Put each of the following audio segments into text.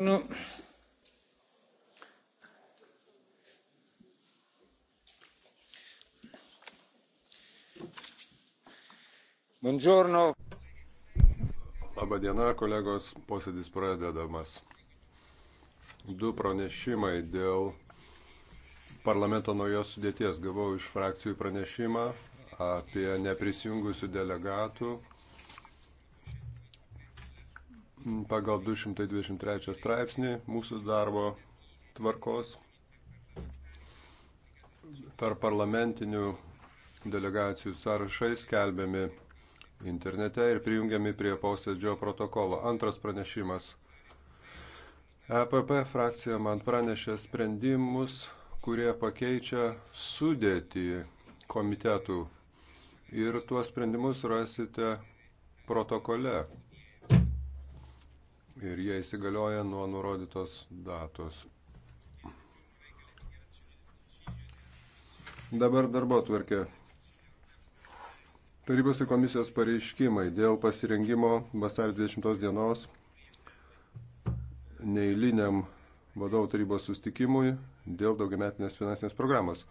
Nu. Buongiorno. Labadiena, kolegos, posėdis pradedamas. Du pranešimai dėl parlamento naujos sudėties. Gavau iš frakcijų pranešimą apie neprisijungusių delegatų pagal 223 straipsnį mūsų darbo tvarkos tarp parlamentinių delegacijų sąrašai skelbiami internete ir prijungiami prie posėdžio protokolo. Antras pranešimas. EPP frakcija man pranešė sprendimus, kurie pakeičia sudėtį komitetų. Ir tuos sprendimus rasite protokole ir jie įsigalioja nuo nurodytos datos. Dabar darbo tvarkė. Tarybos ir komisijos pareiškimai dėl pasirengimo vasario 20 dienos neįliniam vadovų tarybos sustikimui dėl daugiametinės finansinės programos.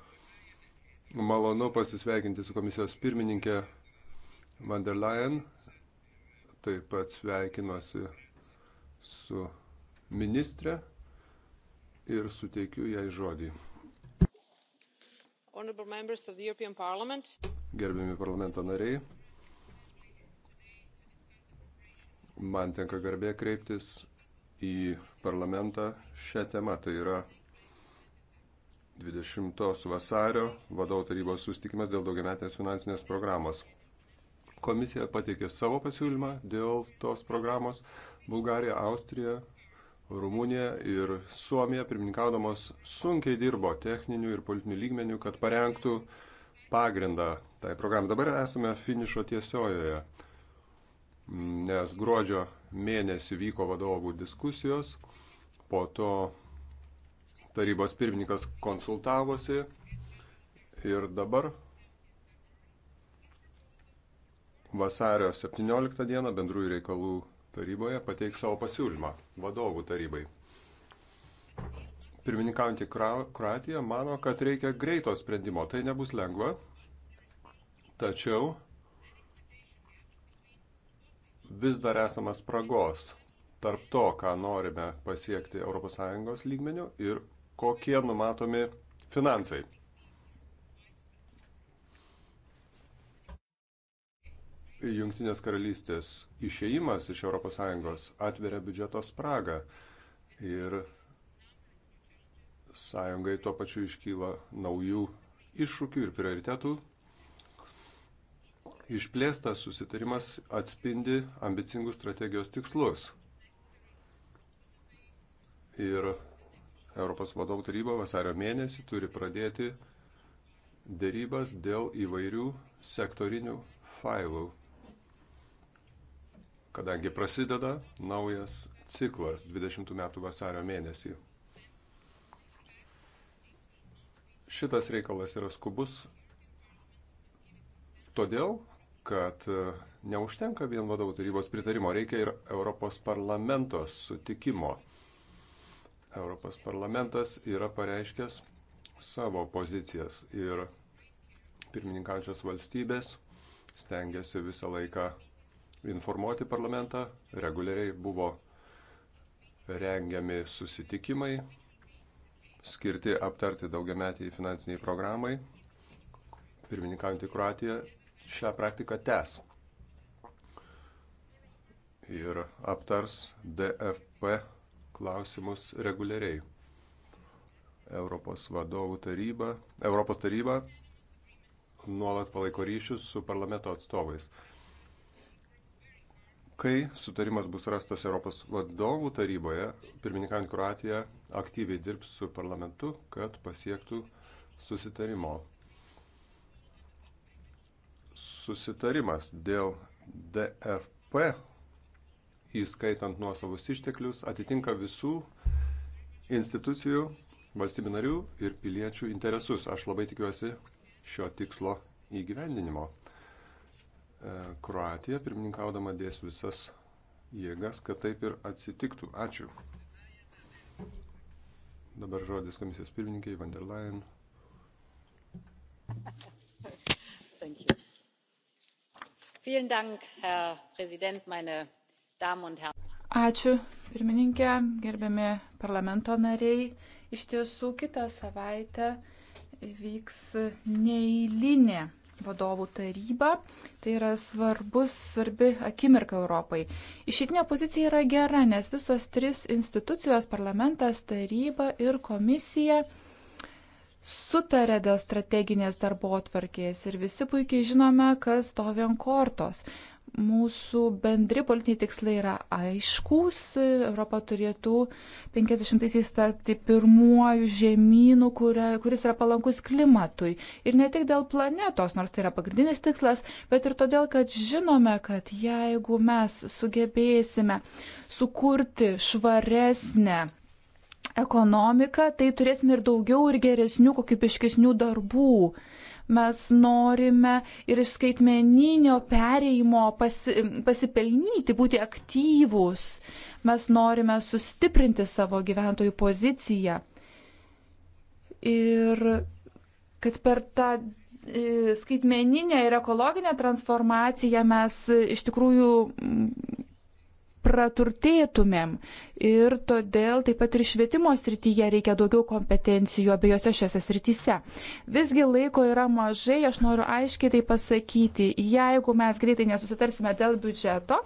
Malonu pasisveikinti su komisijos pirmininkė Van der Leyen. Taip pat sveikinuosi su ministre ir suteikiu jai žodį. Gerbiami parlamento nariai, man tenka garbė kreiptis į parlamentą šią temą. Tai yra 20 vasario vadovų tarybos sustikimas dėl daugiametės finansinės programos. Komisija pateikė savo pasiūlymą dėl tos programos. Bulgarija, Austrija, Rumunija ir Suomija, pirmininkaudamos, sunkiai dirbo techninių ir politinių lygmenių, kad parengtų pagrindą tai programai. Dabar esame finišo tiesiojoje, nes gruodžio mėnesį vyko vadovų diskusijos, po to tarybos pirmininkas konsultavosi ir dabar vasario 17 dieną bendrųjų reikalų taryboje pateiks savo pasiūlymą vadovų tarybai. Pirmininkaujantį Kroatiją mano, kad reikia greito sprendimo. Tai nebus lengva, tačiau vis dar esama spragos tarp to, ką norime pasiekti ES lygmenių ir kokie numatomi finansai. Junktinės karalystės išėjimas iš ES atveria biudžeto spragą ir sąjungai tuo pačiu iškyla naujų iššūkių ir prioritetų. Išplėstas susitarimas atspindi ambicingus strategijos tikslus. Ir Europos vadovų taryba vasario mėnesį turi pradėti dėrybas dėl įvairių sektorinių failų kadangi prasideda naujas ciklas 20 metų vasario mėnesį. Šitas reikalas yra skubus todėl, kad e, neužtenka vien vadovų tarybos pritarimo, reikia ir Europos parlamento sutikimo. Europos parlamentas yra pareiškęs savo pozicijas ir pirmininkančios valstybės stengiasi visą laiką informuoti parlamentą, reguliariai buvo rengiami susitikimai skirti aptarti daugiametį finansiniai programai. Pirmininkaujantį Kroatiją šią praktiką tęs ir aptars DFP klausimus reguliariai. Europos vadovų taryba, Europos taryba nuolat palaiko ryšius su parlamento atstovais. Kai sutarimas bus rastas Europos vadovų taryboje, pirmininkant Kroatija aktyviai dirbs su parlamentu, kad pasiektų susitarimo. Susitarimas dėl DFP, įskaitant nuosavus išteklius, atitinka visų institucijų, valstybių narių ir piliečių interesus. Aš labai tikiuosi šio tikslo įgyvendinimo. E, Kroatija, pirmininkaudama dės visas jėgas, kad taip ir atsitiktų. Ačiū. Dabar žodis komisijos pirmininkai Van der Leyen. Dank, meine Damen und Herren. Ačiū, pirmininkė, gerbiami parlamento nariai. Iš tiesų, kitą savaitę vyks neįlinė vadovų taryba. Tai yra svarbus, svarbi akimirka Europai. Išeitinė pozicija yra gera, nes visos trys institucijos - parlamentas, taryba ir komisija sutarė dėl strateginės darbo atvarkės ir visi puikiai žinome, kas to vien kortos mūsų bendri politiniai tikslai yra aiškus. Europa turėtų 50-aisiais tarpti pirmuoju žemynu, kuria, kuris yra palankus klimatui. Ir ne tik dėl planetos, nors tai yra pagrindinis tikslas, bet ir todėl, kad žinome, kad jeigu mes sugebėsime sukurti švaresnę ekonomiką, tai turėsime ir daugiau ir geresnių, kokybiškesnių darbų. Mes norime ir iš skaitmeninio pereimo pasi, pasipelnyti, būti aktyvūs. Mes norime sustiprinti savo gyventojų poziciją. Ir kad per tą e, skaitmeninę ir ekologinę transformaciją mes e, iš tikrųjų praturtėtumėm. Ir todėl taip pat ir švietimo srityje reikia daugiau kompetencijų abiejose šiose srityse. Visgi laiko yra mažai, aš noriu aiškiai tai pasakyti. Jeigu mes greitai nesusitarsime dėl biudžeto,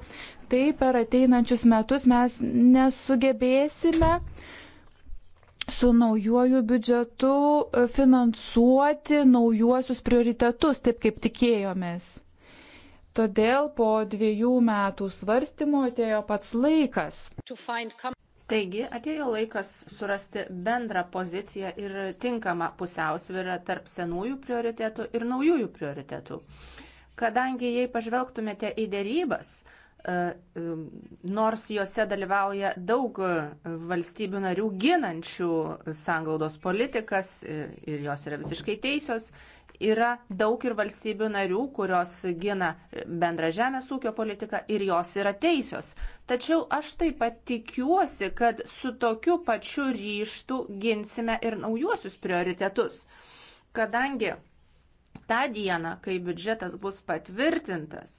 tai per ateinančius metus mes nesugebėsime su naujoju biudžetu finansuoti naujuosius prioritetus, taip kaip tikėjomės. Todėl po dviejų metų svarstymų atėjo pats laikas. Taigi atėjo laikas surasti bendrą poziciją ir tinkamą pusiausvyrą tarp senųjų prioritetų ir naujųjų prioritetų. Kadangi jei pažvelgtumėte į dėrybas, e, e, nors juose dalyvauja daug valstybių narių ginančių sanglaudos politikas e, ir jos yra visiškai teisios, Yra daug ir valstybių narių, kurios gina bendrą žemės ūkio politiką ir jos yra teisios. Tačiau aš taip pat tikiuosi, kad su tokiu pačiu ryštu ginsime ir naujuosius prioritetus. Kadangi tą dieną, kai biudžetas bus patvirtintas,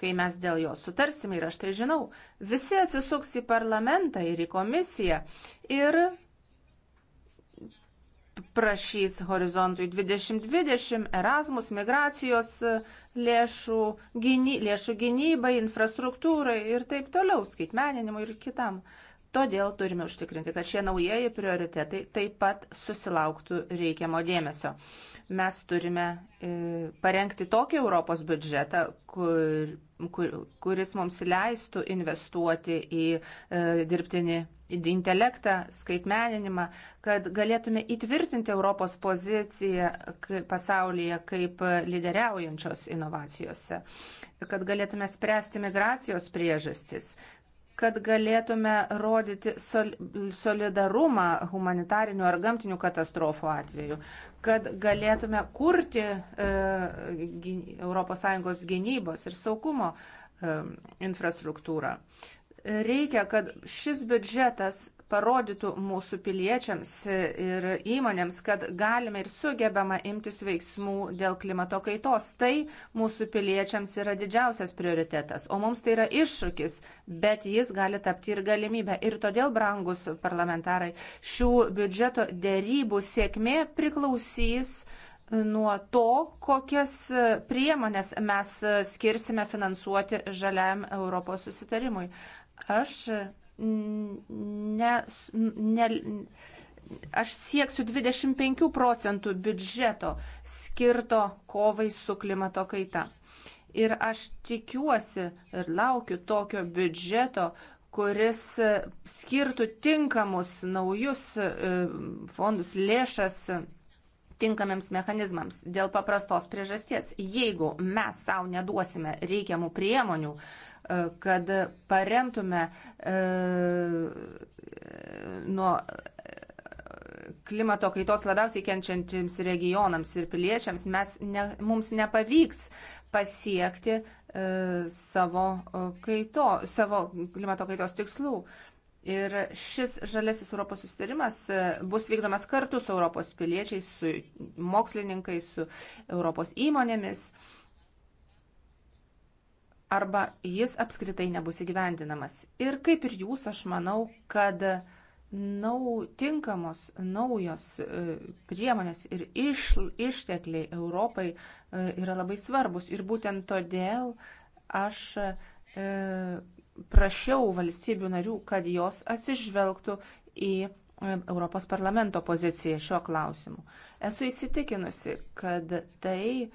kai mes dėl jo sutarsime ir aš tai žinau, visi atsisuks į parlamentą ir į komisiją ir prašys horizontui 2020, Erasmus, migracijos e, lėšų, gyny, lėšų gynybai, infrastruktūrai ir taip toliau, skaitmeninimui ir kitam. Uh, Todėl turime užtikrinti, kad šie naujieji prioritetai taip pat susilauktų reikiamo dėmesio. Mes turime e, parengti tokį Europos biudžetą, kur, kur, kuris mums leistų investuoti į e, dirbtinį intelektą, skaitmeninimą, kad galėtume įtvirtinti Europos poziciją pasaulyje kaip lyderiaujančios inovacijose, kad galėtume spręsti migracijos priežastis, kad galėtume rodyti solidarumą humanitarinių ar gamtinių katastrofų atveju, kad galėtume kurti ES gynybos ir saugumo e, infrastruktūrą. Reikia, kad šis biudžetas parodytų mūsų piliečiams ir įmonėms, kad galime ir sugebama imtis veiksmų dėl klimato kaitos. Tai mūsų piliečiams yra didžiausias prioritetas, o mums tai yra iššūkis, bet jis gali tapti ir galimybę. Ir todėl, brangus parlamentarai, šių biudžeto dėrybų sėkmė priklausys nuo to, kokias priemonės mes skirsime finansuoti žaliam Europos susitarimui. Aš ne, ne, aš sieksiu 25 procentų biudžeto skirto kovai su klimato kaita. Ir aš tikiuosi ir laukiu tokio biudžeto, kuris skirtų tinkamus naujus e, fondus lėšas tinkamiems mechanizmams dėl paprastos priežasties. Jeigu mes savo neduosime reikiamų priemonių, e, kad paremtume e, nuo e, klimato kaitos labiausiai kenčiantiems regionams ir piliečiams, mes ne, mums nepavyks pasiekti e, savo, kaito, savo klimato kaitos tikslų. E, Ir šis žalesis Europos susitarimas e, bus vykdomas kartu su Europos piliečiais, su mokslininkais, su Europos įmonėmis. Arba jis apskritai nebus įgyvendinamas. Ir kaip ir jūs, aš manau, kad nau, tinkamos naujos e, priemonės ir iš, ištekliai Europai e, yra labai svarbus. Ir būtent todėl aš prašiau valstybių narių, kad jos atsižvelgtų į e, Europos parlamento poziciją šiuo klausimu. Esu įsitikinusi, kad tai e,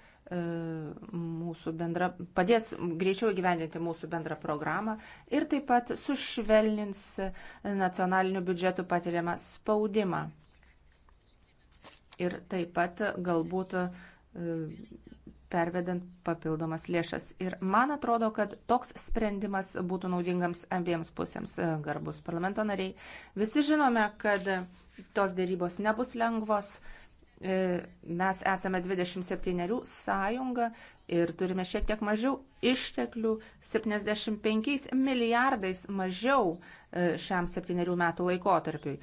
mūsų bendra, padės greičiau įgyvendinti mūsų bendrą programą ir taip pat sušvelnins nacionalinių biudžetų patiriamą spaudimą. Ir taip pat galbūt e, pervedant papildomas lėšas. Ir man atrodo, kad toks sprendimas būtų naudingams abiems pusėms, e, garbus parlamento nariai. Visi žinome, kad tos dėrybos nebus lengvos. E, mes esame 27 sąjunga ir turime šiek tiek mažiau išteklių, 75 milijardais mažiau e, šiam septyniarių metų laikotarpiui.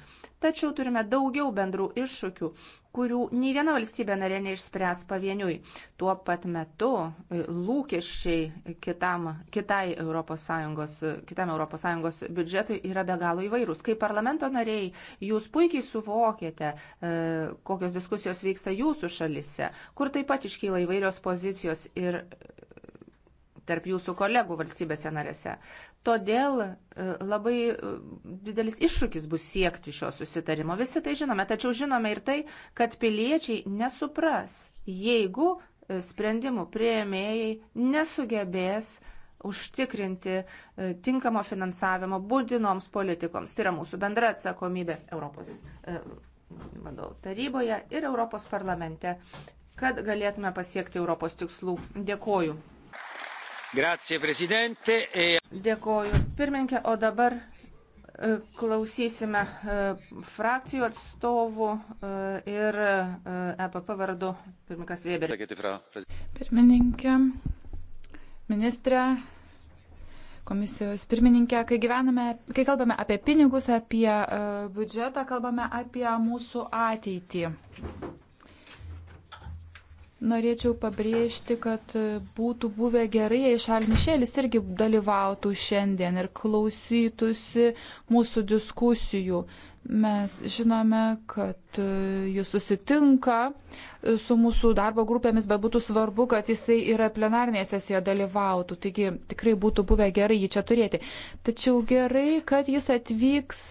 Tačiau turime daugiau bendrų iššūkių, kurių nei viena valstybė narė neišspręs pavieniui. Tuo pat metu e, lūkesčiai kitam, kitai ES, e, kitam ES biudžetui yra be galo įvairūs. Kaip parlamento nariai, jūs puikiai suvokėte, kokios diskusijos vyksta jūsų šalise, kur taip pat iškyla įvairios pozicijos ir e, tarp jūsų kolegų valstybėse narėse. Todėl e, labai e, didelis iššūkis bus siekti šio susitarimo. Visi tai žinome, tačiau žinome ir tai, kad piliečiai nesupras, jeigu sprendimų prieėmėjai nesugebės užtikrinti tinkamo finansavimo būdinoms politikoms. Tai yra mūsų bendra atsakomybė Europos vadovų taryboje ir Europos parlamente kad galėtume pasiekti Europos tikslų. Dėkoju. Grazie, prezidente. E- Dėkoju. Pirmininkė, o dabar e, klausysime e, frakcijų atstovų ir EPP vardu pirmininkas Weberis. Pirmininkė, ministrė, komisijos pirmininkė, kai, gyvename, kai kalbame apie pinigus, apie biudžetą, kalbame apie mūsų ateitį. Norėčiau pabrėžti, kad būtų buvę gerai, jei Šalmišėlis irgi dalyvautų šiandien ir klausytųsi mūsų diskusijų. Mes žinome, kad jis susitinka su mūsų darbo grupėmis, bet būtų svarbu, kad jisai ir plenarnėje sesijoje dalyvautų. Taigi tikrai būtų buvę gerai jį čia turėti. Tačiau gerai, kad jis atvyks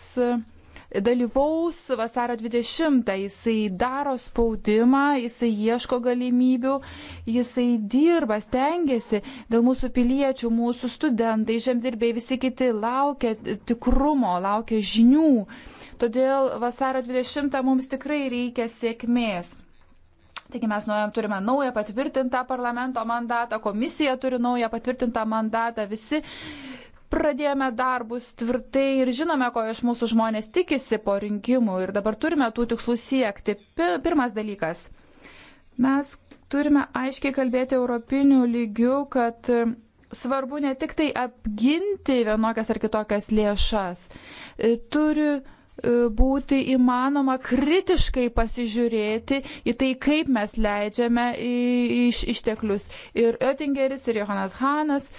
dalyvaus vasaro 20. Jisai daro spaudimą, jisai ieško galimybių, jisai dirba, stengiasi dėl mūsų piliečių, mūsų studentai, žemdirbiai, visi kiti laukia tikrumo, laukia žinių. Todėl vasaro 20 mums tikrai reikia sėkmės. Taigi mes nuojam, turime naują patvirtintą parlamento mandatą, komisija turi naują patvirtintą mandatą, visi pradėjome darbus tvirtai ir žinome, ko iš mūsų žmonės tikisi po rinkimų ir dabar turime tų tikslų siekti. Pirmas dalykas. Mes turime aiškiai kalbėti europinių lygių, kad svarbu ne tik tai apginti vienokias ar kitokias lėšas. E, turi e, būti įmanoma kritiškai pasižiūrėti į tai, kaip mes leidžiame iš išteklius. Ir Oettingeris, ir Johanas Hanas.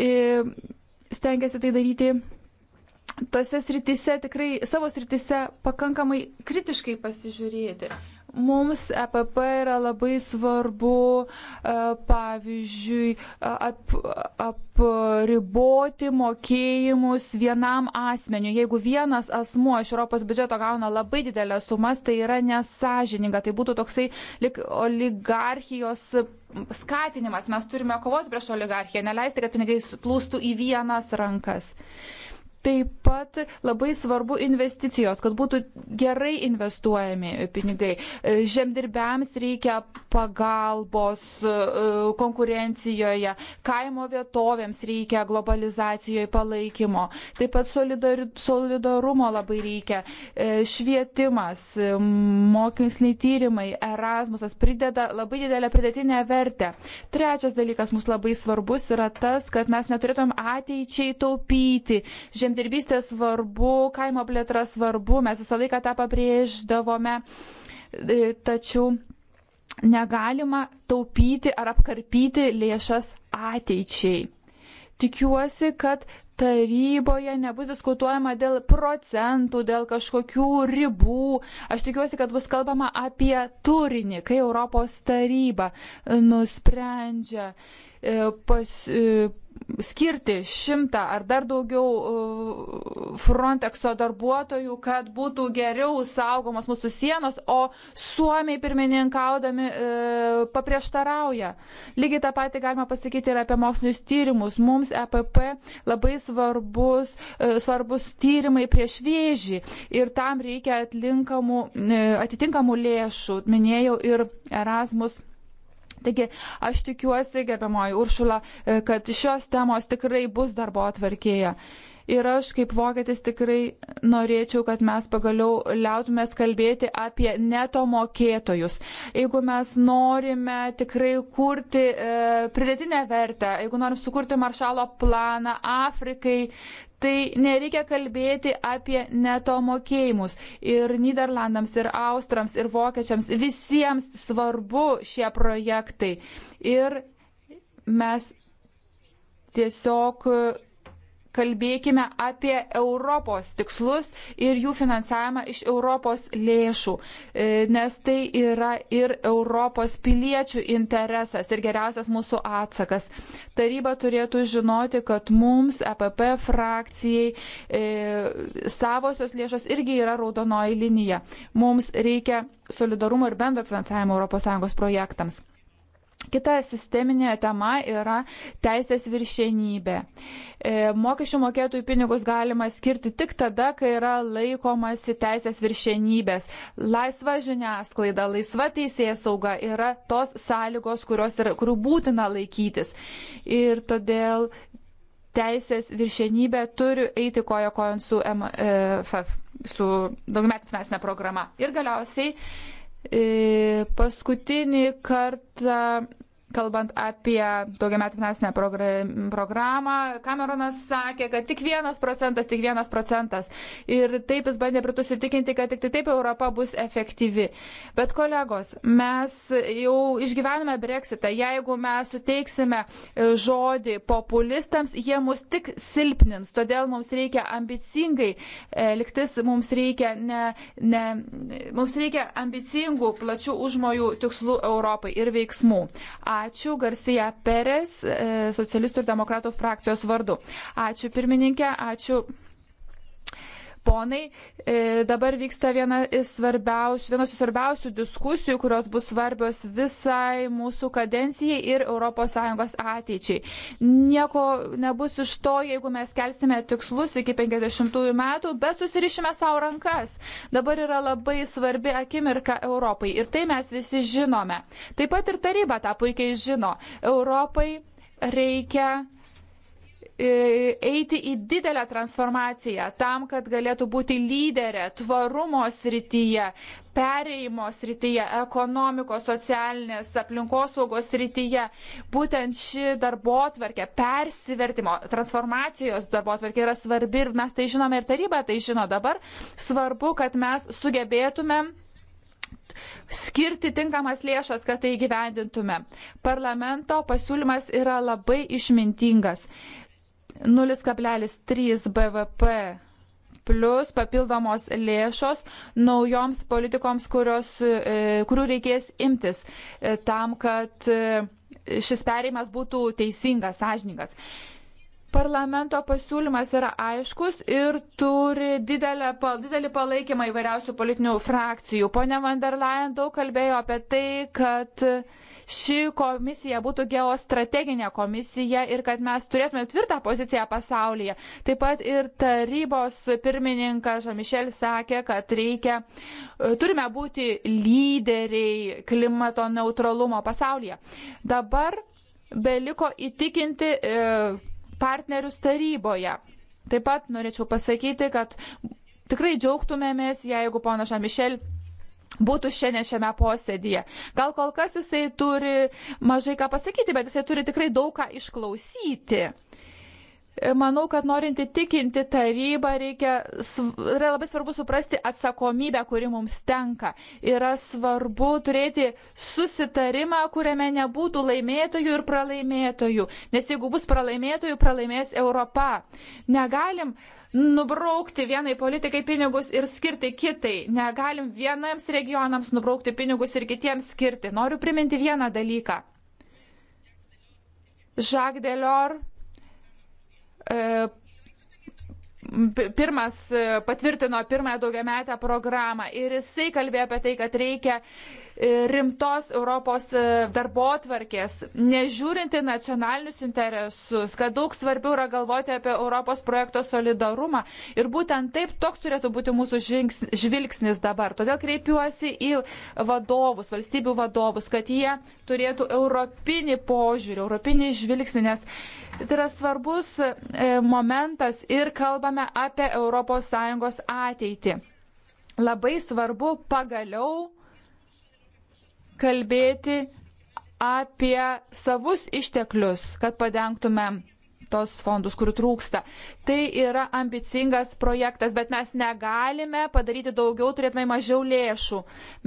Ir e, stengiasi tai daryti. Tose sritise tikrai savo sritise pakankamai kritiškai pasižiūrėti. Mums EPP yra labai svarbu, e, pavyzdžiui, ap, apriboti mokėjimus vienam asmeniu. Jeigu vienas asmuo iš Europos biudžeto gauna labai didelę sumas, tai yra nesažininga. Tai būtų toksai lik, oligarchijos skatinimas. Mes turime kovoti prieš oligarchiją, neleisti, kad pinigai plūstų į vienas rankas. Taip pat labai svarbu investicijos, kad būtų gerai investuojami pinigai. E, žemdirbiams reikia pagalbos e, konkurencijoje, kaimo vietovėms reikia globalizacijoje palaikymo. Taip pat solidarumo labai reikia. E, švietimas, moksliniai tyrimai, Erasmusas prideda labai didelę pridėtinę vertę. Trečias dalykas mums labai svarbus yra tas, kad mes neturėtumėm ateičiai taupyti. Žemdirbiams žemdirbystė svarbu, kaimo plėtra svarbu, mes visą laiką tą pabrėždavome, e, tačiau negalima taupyti ar apkarpyti lėšas ateičiai. Tikiuosi, kad taryboje nebus diskutuojama dėl procentų, dėl kažkokių ribų. Aš tikiuosi, kad bus kalbama apie turinį, kai Europos taryba nusprendžia E, pas, e, skirti šimtą ar dar daugiau e, Frontexo darbuotojų, kad būtų geriau saugomos mūsų sienos, o Suomiai pirmininkaudami paprieštarauja. Lygiai tą patį galima pasakyti ir apie mokslinius tyrimus. Mums EPP labai svarbus, svarbus tyrimai prieš vėžį ir tam reikia atitinkamų lėšų. Minėjau ir Erasmus Taigi aš tikiuosi, gerbiamoji Uršula, e, kad šios temos tikrai bus darbo atvarkėje. Ir aš kaip vokietis tikrai norėčiau, kad mes pagaliau liautumės kalbėti apie neto mokėtojus. Jeigu mes norime tikrai kurti e, pridėtinę vertę, jeigu norim sukurti maršalo planą Afrikai, tai nereikia kalbėti apie neto mokėjimus. Ir Niderlandams, ir Austrams, ir Vokiečiams visiems svarbu šie projektai. Ir mes tiesiog kalbėkime apie Europos tikslus ir jų finansavimą iš Europos lėšų, e, nes tai yra ir Europos piliečių interesas ir geriausias mūsų atsakas. Taryba turėtų žinoti, kad mums, APP e frakcijai, e, savosios lėšos irgi yra raudonoji linija. Mums reikia solidarumo ir bendro finansavimo ES projektams. Kita sisteminė tema yra teisės viršienybė. E, mokesčių mokėtojų pinigus galima skirti tik tada, kai yra laikomasi teisės viršienybės. Laisva žiniasklaida, laisva teisės sauga yra tos sąlygos, yra, kurių būtina laikytis. Ir todėl teisės viršienybė turi eiti koja kojon su MFF, e, su daugiametė finansinė programa. Ir galiausiai e, paskutinį kartą kalbant apie daugiametį finansinę programą, Cameronas sakė, kad tik vienas procentas, tik vienas procentas. Ir taip jis bandė Britus įtikinti, kad tik tai taip Europa bus efektyvi. Bet kolegos, mes jau išgyvename breksitą. Jeigu mes suteiksime e, žodį populistams, jie mus tik silpnins. Todėl mums reikia ambicingai e, liktis, mums reikia, ne, ne, mums reikia ambicingų, plačių užmojų tikslų Europai ir veiksmų. Ačiū. Ačiū, Garcija Perez, e, socialistų ir demokratų frakcijos vardu. Ačiū pirmininkė, ačiū ponai, e, dabar vyksta viena iš svarbiausių, vienos iš svarbiausių diskusijų, kurios bus svarbios visai mūsų kadencijai ir ES ateičiai. Nieko nebus iš to, jeigu mes kelsime tikslus iki 50 metų, bet susirišime savo rankas. Dabar yra labai svarbi akimirka Europai ir tai mes visi žinome. Taip pat ir taryba tą puikiai žino. Europai reikia E, eiti į didelę transformaciją tam, kad galėtų būti lyderė tvarumo srityje, pereimo srityje, ekonomikos, socialinės, aplinkosaugos srityje. Būtent ši darbo atvarkė, persivertimo, transformacijos darbo atvarkė yra svarbi ir mes tai žinome ir taryba tai žino dabar. Svarbu, kad mes sugebėtumėm skirti tinkamas lėšas, kad tai gyvendintume. Parlamento pasiūlymas yra labai išmintingas. 0,3 BVP plus papildomos lėšos naujoms politikoms, kurios, e, kurių reikės imtis e, tam, kad e, šis perėjimas būtų teisingas, sąžiningas. Parlamento pasiūlymas yra aiškus ir turi didelę, didelį palaikymą įvairiausių politinių frakcijų. Pone van der Leyen daug kalbėjo apie tai, kad ši komisija būtų geostrateginė komisija ir kad mes turėtume tvirtą poziciją pasaulyje. Taip pat ir tarybos pirmininkas Žamišel sakė, kad reikia, e, turime būti lyderiai klimato neutralumo pasaulyje. Dabar beliko įtikinti e, partnerius taryboje. Taip pat norėčiau pasakyti, kad tikrai džiaugtumėmės, jeigu ponas Žamišel būtų šiandien šiame posėdėje. Gal kol kas jisai turi mažai ką pasakyti, bet jisai turi tikrai daug ką išklausyti. Manau, kad norint įtikinti tarybą, reikia, yra labai svarbu suprasti atsakomybę, kuri mums tenka. Yra svarbu turėti susitarimą, kuriame nebūtų laimėtojų ir pralaimėtojų. Nes jeigu bus pralaimėtojų, pralaimės Europa. Negalim uh, nubraukti vienai politikai pinigus ir skirti kitai. Negalim vienams regionams nubraukti pinigus ir kitiems skirti. Noriu priminti vieną dalyką. Jacques Delors e, pirmas e, patvirtino pirmąją daugiametę programą ir jisai kalbėjo apie tai, kad reikia rimtos Europos e, darbo atvarkės, nežiūrinti nacionalinius interesus, kad daug svarbiau yra galvoti apie Europos projekto solidarumą. Ir būtent taip toks turėtų būti mūsų žvilgsnis dabar. Todėl kreipiuosi į vadovus, valstybių vadovus, kad jie turėtų europinį požiūrį, europinį žvilgsnį, nes tai yra svarbus e, momentas ir kalbame apie ES ateitį. Labai svarbu pagaliau kalbėti apie savus išteklius, kad padengtume tos fondus, kur trūksta. Tai yra ambicingas projektas, bet mes negalime padaryti daugiau, turėtume mažiau lėšų.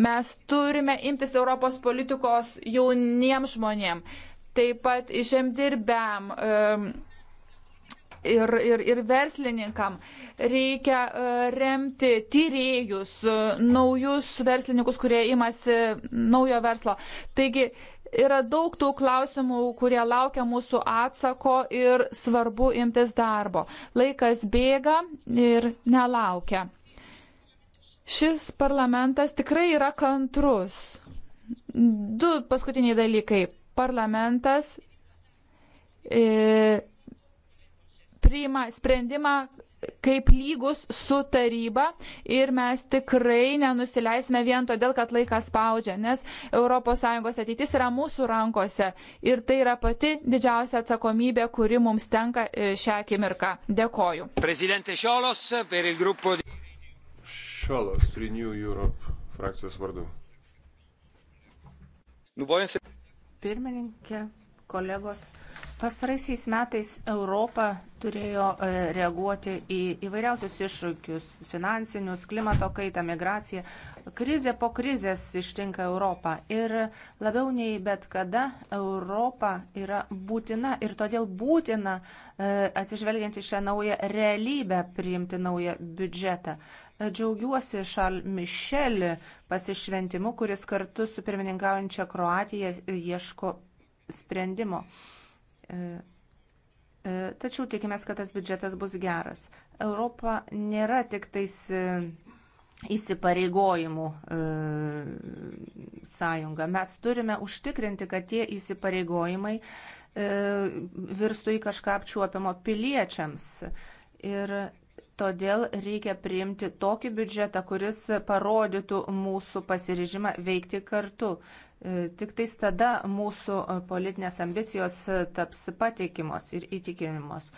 Mes turime imtis Europos politikos jauniems žmonėms, taip pat žemdirbėm. Um, ehm, ir, ir, ir verslininkam. Reikia e, remti tyrėjus, e, naujus verslininkus, kurie imasi naujo verslo. Taigi yra daug tų klausimų, kurie laukia mūsų atsako ir svarbu imtis darbo. Laikas bėga ir nelaukia. Šis parlamentas tikrai yra kantrus. Du paskutiniai dalykai. Parlamentas. E, priima sprendimą kaip lygus su taryba ir mes tikrai nenusileisime vien todėl, kad laikas spaudžia, nes ES ateitis yra mūsų rankose ir tai yra pati didžiausia atsakomybė, kuri mums tenka e, šią akimirką. Dėkoju. Prezidentė Šiolos, per il gruppo. Šiolos, Renew Europe frakcijos vardu. Nu, Pirmininkė, kolegos. Pastaraisiais metais Europa turėjo e, reaguoti į įvairiausius iššūkius - finansinius, klimato kaitą, migraciją. Krizė po krizės ištinka Europą ir labiau nei bet kada Europa yra būtina ir todėl būtina, e, atsižvelgiant į šią naują realybę, priimti naują biudžetą. E, džiaugiuosi Šal Mišel pasišventimu, kuris kartu su pirmininkaujančia Kroatija ieško sprendimo. E, e, tačiau tikimės, kad tas biudžetas bus geras. Europa nėra tik tais e, įsipareigojimų sąjunga. Mes turime užtikrinti, kad tie įsipareigojimai virstų į kažką apčiuopiamo piliečiams. Ir Todėl reikia priimti tokį biudžetą, kuris parodytų mūsų pasiryžimą veikti kartu. E, tik tais tada mūsų e, politinės ambicijos e, taps patikimos ir įtikinimos.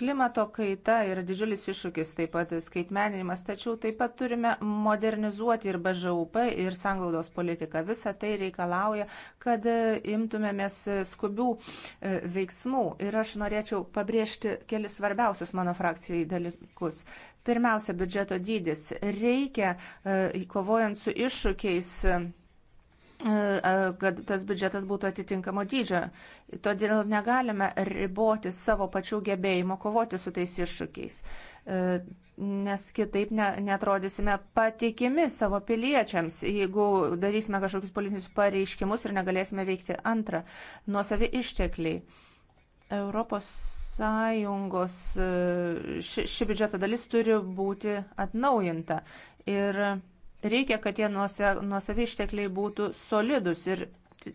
Klimato kaita yra didžiulis iššūkis, taip pat skaitmeninimas, tačiau taip pat turime modernizuoti ir BŽUP, ir sanglaudos politiką. Visa tai reikalauja, kad imtumėmės skubių veiksmų. Ir aš norėčiau pabrėžti kelis svarbiausius mano frakcijai dalykus. Pirmiausia, biudžeto dydis. Reikia, kovojant su iššūkiais, E, kad tas biudžetas būtų atitinkamo dydžio. Todėl negalime riboti savo pačių gebėjimo kovoti su tais iššūkiais, e, nes kitaip ne, netrodysime patikimi savo piliečiams, jeigu darysime kažkokius politinius pareiškimus ir negalėsime veikti antrą. Nuosavi ištekliai. Europos Sąjungos e, ši, ši biudžeto dalis turi būti atnaujinta. Ir Reikia, kad tie nuosavi ištekliai būtų solidus ir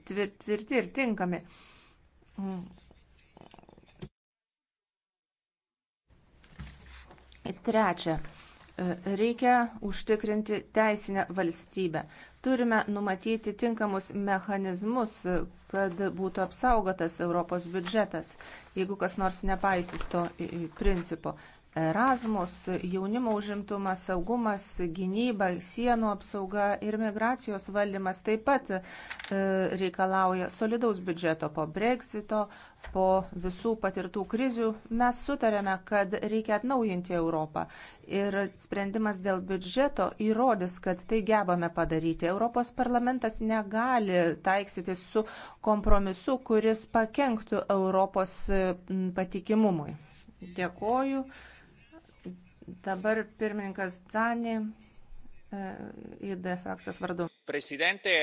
tvirti ir tinkami. Mm. Trečia, e, reikia užtikrinti teisinę valstybę. Turime numatyti tinkamus mechanizmus, e, kad būtų apsaugotas Europos biudžetas, jeigu kas nors nepaisys to principo. Erasmus, jaunimo užimtumas, saugumas, gynyba, sienų apsauga ir migracijos valdymas taip pat e, reikalauja solidaus biudžeto po Brexito, po visų patirtų krizių mes sutarėme, kad reikia atnaujinti Europą. Ir sprendimas dėl biudžeto įrodys, kad tai gebame padaryti. Europos parlamentas negali taiksyti su kompromisu, kuris pakenktų Europos patikimumui. Dėkoju. Dabar pirmininkas Dzani e, ID frakcijos vardu. E,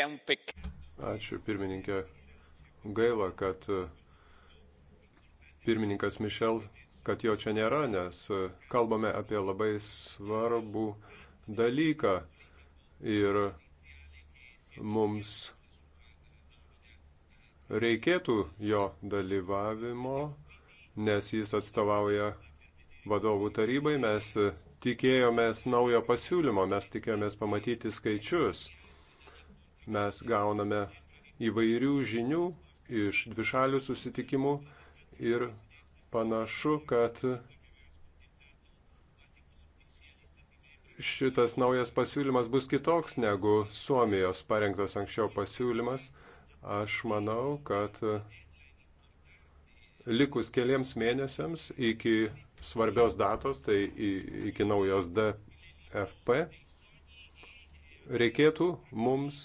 Ačiū pirmininkė. Gaila, kad e, pirmininkas Mišel, kad jo čia nėra, nes kalbame apie labai svarbų dalyką ir mums reikėtų jo dalyvavimo, nes jis atstovauja vadovų tarybai mes tikėjomės naujo pasiūlymo, mes tikėjomės pamatyti skaičius. Mes gauname įvairių žinių iš dvišalių susitikimų ir panašu, kad šitas naujas pasiūlymas bus kitoks negu Suomijos parengtas anksčiau pasiūlymas. Aš manau, kad likus keliems mėnesiams iki svarbios datos, tai iki naujos DFP, reikėtų mums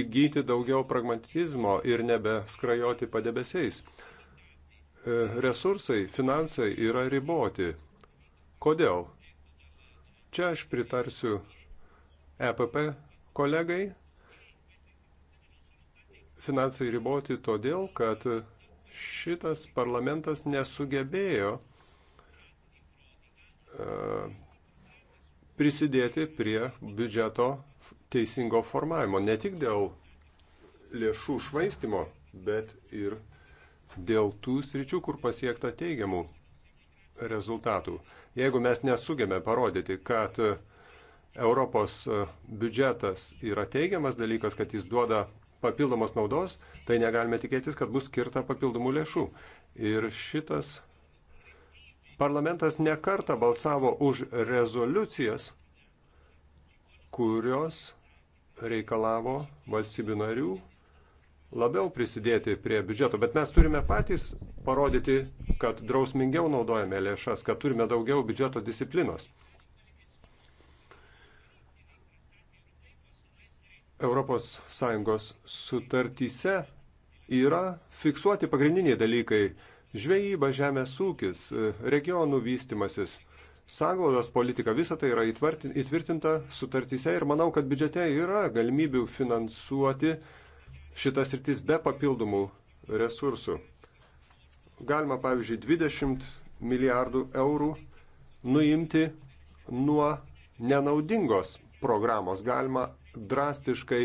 įgyti daugiau pragmatizmo ir nebeskrajoti padebesiais. E, resursai, finansai yra riboti. Kodėl? Čia aš pritarsiu EPP kolegai. Finansai riboti todėl, kad šitas parlamentas nesugebėjo uh, prisidėti prie biudžeto teisingo formavimo. Ne tik dėl lėšų švaistimo, bet ir dėl tų sričių, kur pasiekta teigiamų rezultatų. Jeigu mes nesugebėme parodyti, kad Europos biudžetas yra teigiamas dalykas, kad jis duoda papildomos naudos, tai negalime tikėtis, kad bus skirta papildomų lėšų. Ir šitas Parlamentas nekarta balsavo už rezoliucijas, kurios reikalavo valstybių narių labiau prisidėti prie biudžeto, bet mes turime patys parodyti, kad drausmingiau naudojame lėšas, kad turime daugiau biudžeto disciplinos. ES sutartyse yra fiksuoti pagrindiniai dalykai Žvejyba, žemės ūkis, e, regionų vystimasis, sanglaudos politika, visa tai yra įtvirtinta sutartyse ir manau, kad biudžete yra galimybių finansuoti šitas rytis be papildomų resursų. Galima, pavyzdžiui, 20 milijardų eurų nuimti nuo nenaudingos programos. Galima drastiškai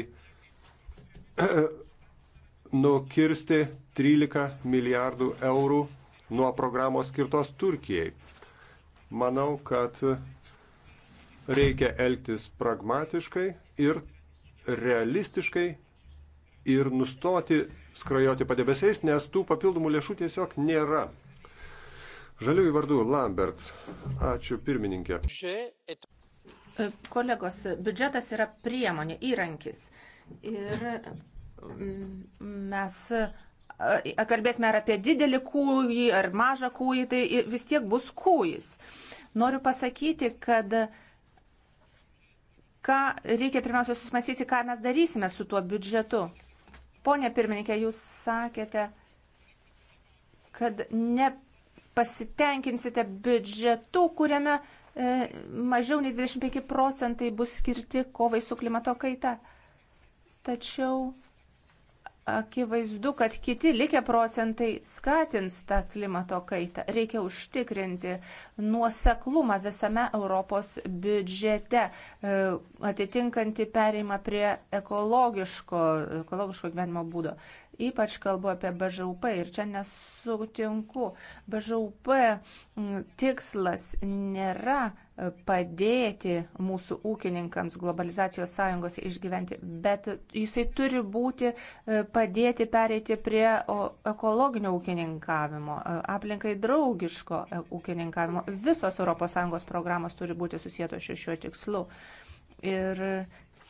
nukirsti 13 milijardų eurų nuo programos skirtos Turkijai. Manau, kad reikia elgtis pragmatiškai ir realistiškai ir nustoti skrajoti padebesiais, nes tų papildomų lėšų tiesiog nėra. Žaliųjų vardų Lamberts. Ačiū pirmininkė. Kolegos, biudžetas yra priemonė, įrankis. Ir mes e, e, kalbėsime ar apie didelį kūjį, ar mažą kūjį, tai vis tiek bus kūjis. Noriu pasakyti, kad ką reikia pirmiausia susimastyti, ką mes darysime su tuo biudžetu. Pone pirmininkė, jūs sakėte, kad nepasitenkinsite biudžetu, kuriame e, mažiau nei 25 procentai bus skirti kovai su klimato kaita. Tačiau akivaizdu, kad kiti likę procentai skatins tą klimato kaitą. Reikia užtikrinti nuoseklumą visame Europos biudžete, e, atitinkantį pereimą prie ekologiško, ekologiško gyvenimo būdo. Ypač kalbu apie BŽUP ir čia nesutinku. BŽUP tikslas nėra e, padėti mūsų ūkininkams globalizacijos sąjungos išgyventi, bet jisai turi būti e, padėti pereiti prie ekologinio ūkininkavimo, e, aplinkai draugiško ūkininkavimo. Visos ES programos turi būti susijęto šiuo tikslu. Ir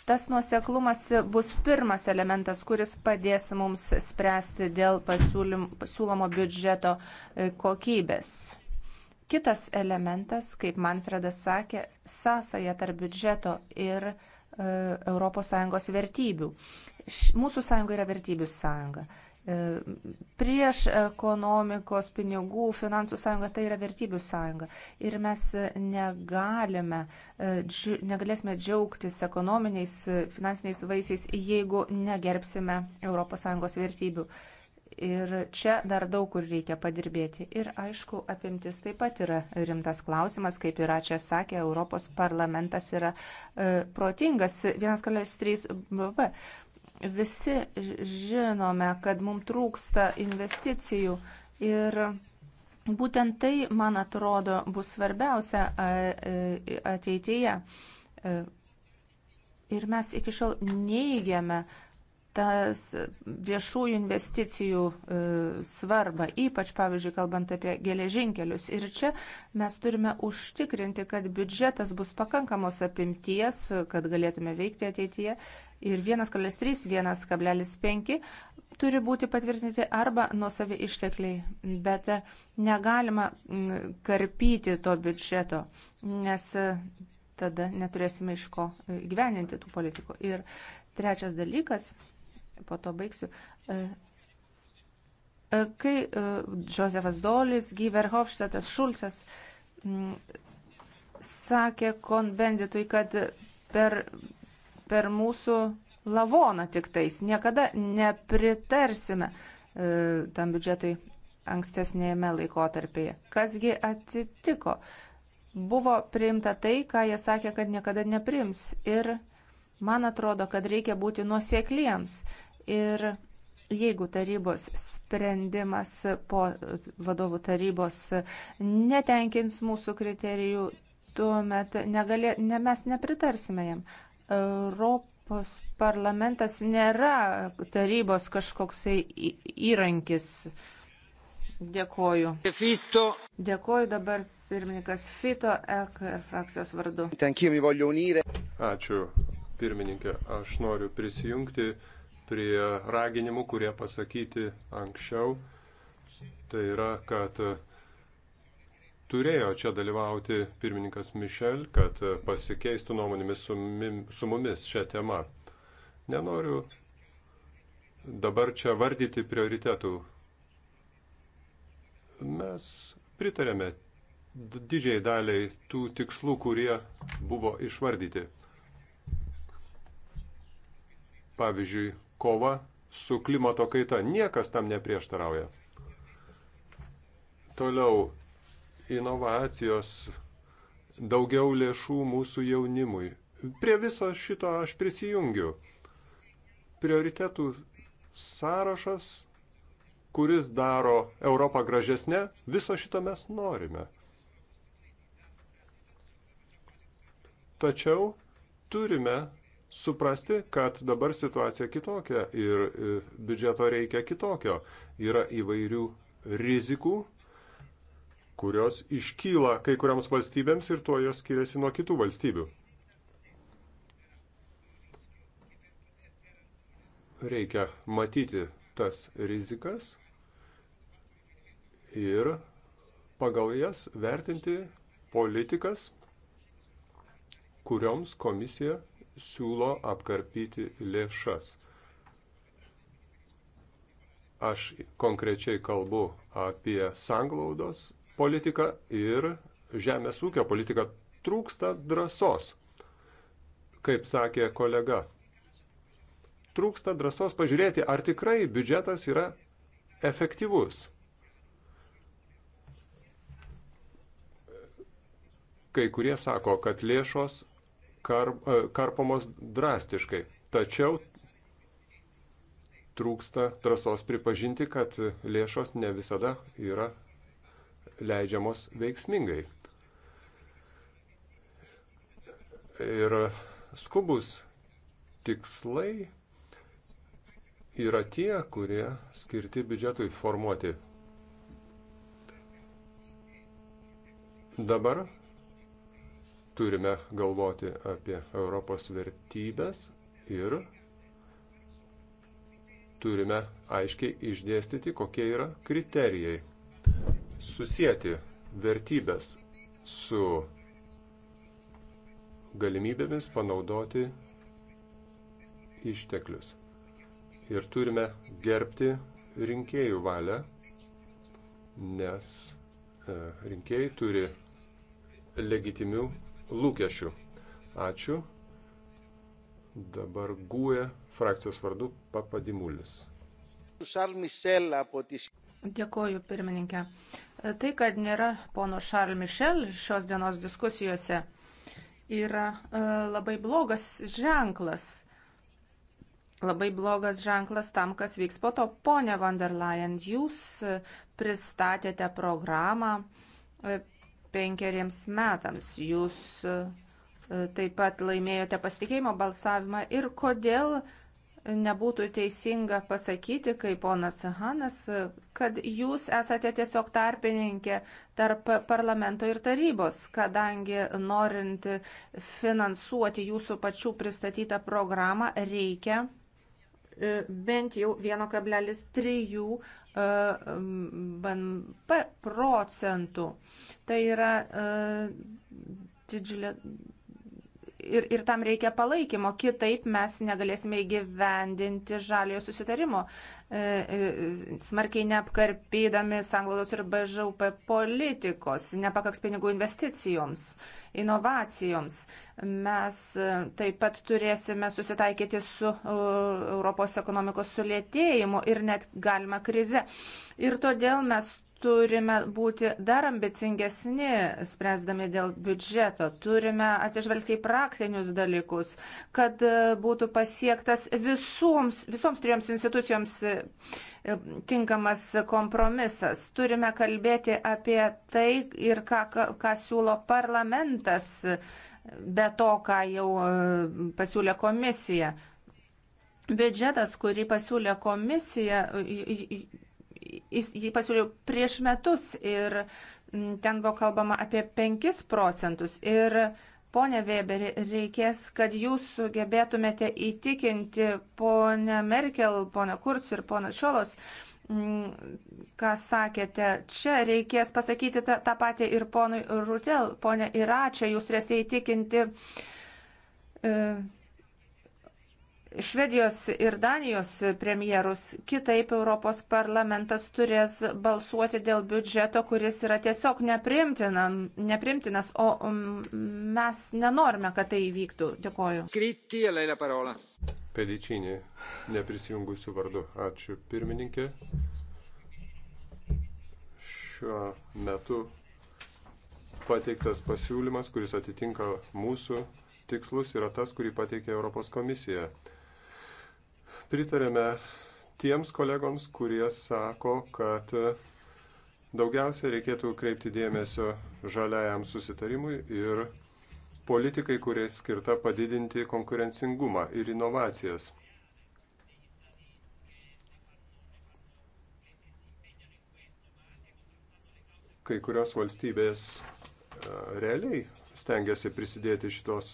tas nuoseklumas bus pirmas elementas, kuris padės mums spręsti dėl pasiūlym, pasiūlomo biudžeto e, kokybės. Kitas elementas, kaip Manfredas sakė, sąsaja tarp biudžeto ir e, ES vertybių. Š, mūsų sąjunga yra vertybių sąjunga. E, prieš ekonomikos, pinigų, finansų sąjungą, tai yra vertybių sąjunga. Ir mes negalime, e, negalėsime džiaugtis ekonominiais, e, finansiniais vaisiais, jeigu negerbsime ES vertybių. Ir čia dar daug kur reikia padirbėti. Ir aišku, apimtis taip pat yra rimtas klausimas, kaip yra čia sakė, Europos parlamentas yra e, protingas 1,3 BVP. Visi žinome, kad mums trūksta investicijų ir būtent tai, man atrodo, bus svarbiausia e, ateityje. E, ir mes iki šiol neigiame tas viešųjų investicijų e, svarbą, ypač, pavyzdžiui, kalbant apie geležinkelius. Ir čia mes turime užtikrinti, kad biudžetas bus pakankamos apimties, kad galėtume veikti ateityje ir 1,3, 1,5 turi būti patvirtinti arba nuosavi ištekliai, bet e, negalima karpyti to biudžeto, nes e, tada neturėsime iš ko e, gyveninti tų politikų. Ir trečias dalykas, po to baigsiu. Kai Josefas Dolis, Giverhofštetas, Šulcas sakė konbenditui, kad per per mūsų lavoną tik tais. Niekada nepritarsime e, tam biudžetui ankstesnėme laikotarpyje. Kasgi atsitiko? Buvo priimta tai, ką jie sakė, kad niekada neprims. Ir man atrodo, kad reikia būti nuosekliems. Ir jeigu tarybos sprendimas po vadovų tarybos netenkins mūsų kriterijų, tuomet negalė, ne, mes nepritarsime jam. Europos parlamentas nėra tarybos kažkoksai įrankis. Dėkoju. Fito. Dėkoju dabar pirmininkas Fito EK ir frakcijos vardu. Ačiū, pirmininkė. Aš noriu prisijungti prie raginimų, kurie pasakyti anksčiau. Tai yra, kad turėjo čia dalyvauti pirmininkas Mišel, kad pasikeistų nuomonėmis su, su mumis šią temą. Nenoriu dabar čia vardyti prioritetų. Mes pritarėme didžiai daliai tų tikslų, kurie buvo išvardyti. Pavyzdžiui, kova su klimato kaita. Niekas tam neprieštarauja. Toliau inovacijos, daugiau lėšų mūsų jaunimui. Prie viso šito aš prisijungiu. Prioritetų sąrašas, kuris daro Europą gražesnę, viso šito mes norime. Tačiau turime suprasti, kad dabar situacija kitokia ir e, biudžeto reikia kitokio. Yra įvairių rizikų, kurios iškyla kai kuriams valstybėms ir tuo jos skiriasi nuo kitų valstybių. Reikia matyti tas rizikas ir pagal jas vertinti politikas, kurioms komisija siūlo apkarpyti lėšas. Aš konkrečiai kalbu apie sanglaudos politiką ir žemės ūkio politiką. Trūksta drąsos, kaip sakė kolega. Trūksta drąsos pažiūrėti, ar tikrai biudžetas yra efektyvus. Kai kurie sako, kad lėšos kar, e, karpomos drastiškai, tačiau trūksta drąsos pripažinti, kad lėšos ne visada yra leidžiamos veiksmingai. Ir skubus tikslai yra tie, kurie skirti biudžetui formuoti. Dabar turime galvoti apie Europos vertybės ir turime aiškiai išdėstyti, kokie yra kriterijai susijęti vertybės su galimybėmis panaudoti išteklius. Ir turime gerbti rinkėjų valią, nes e, rinkėjai turi legitimių lūkesčių. Ačiū. Dabar guė e frakcijos vardu papadimulis. Dėkoju, pirmininkė. Tai, kad nėra pono Charles Michel šios dienos diskusijose, yra e, labai blogas ženklas. Labai blogas ženklas tam, kas vyks po to. Pone van der Leyen, jūs pristatėte programą e, penkeriems metams. Jūs e, taip pat laimėjote pasitikėjimo balsavimą ir kodėl uh, nebūtų teisinga pasakyti, kaip ponas Hanas, kad jūs esate tiesiog tarpininkė tarp parlamento ir tarybos, kadangi norint finansuoti jūsų pačių pristatytą programą reikia e, bent jau 1,3 e, procentų. Tai yra e, didžiulė ir, ir tam reikia palaikymo, kitaip mes negalėsime įgyvendinti žaliojo susitarimo, e, e, smarkiai neapkarpydami sanglaudos ir BŽUP politikos, nepakaks pinigų investicijoms, inovacijoms. Mes e, taip pat turėsime susitaikyti su e, Europos ekonomikos sulėtėjimu ir net galima krize. Ir todėl mes turime būti dar ambicingesni, spręsdami dėl biudžeto. Turime atsižvelgti į praktinius dalykus, kad e, būtų pasiektas visoms, visoms trijoms institucijoms e, e, tinkamas kompromisas. Turime kalbėti apie tai ir ką, ką, ką siūlo parlamentas, be to, ką jau pasiūlė komisija. Biudžetas, kurį pasiūlė komisija, jis jį pasiūliau prieš metus ir ten buvo kalbama apie 5 procentus. Ir ponė Weberi, reikės, kad jūs sugebėtumėte įtikinti ponę Merkel, ponę Kurz ir poną Šolos, ką sakėte. Čia reikės pasakyti tą, tą patį ir ponui Rutel, ponė Iračia, jūs turėsite įtikinti. E, Švedijos ir Danijos premjerus, kitaip Europos parlamentas turės balsuoti dėl biudžeto, kuris yra tiesiog neprimtina, neprimtinas, o mes nenorime, kad tai įvyktų. Dėkoju. Pedičinė, neprisijungusių vardu. Ačiū pirmininkė. Šiuo metu pateiktas pasiūlymas, kuris atitinka mūsų tikslus, yra tas, kurį pateikė Europos komisija pritarėme tiems kolegoms, kurie sako, kad daugiausia reikėtų kreipti dėmesio žaliajam susitarimui ir politikai, kurie skirta padidinti konkurencingumą ir inovacijas. Kai kurios valstybės e, realiai stengiasi prisidėti šitos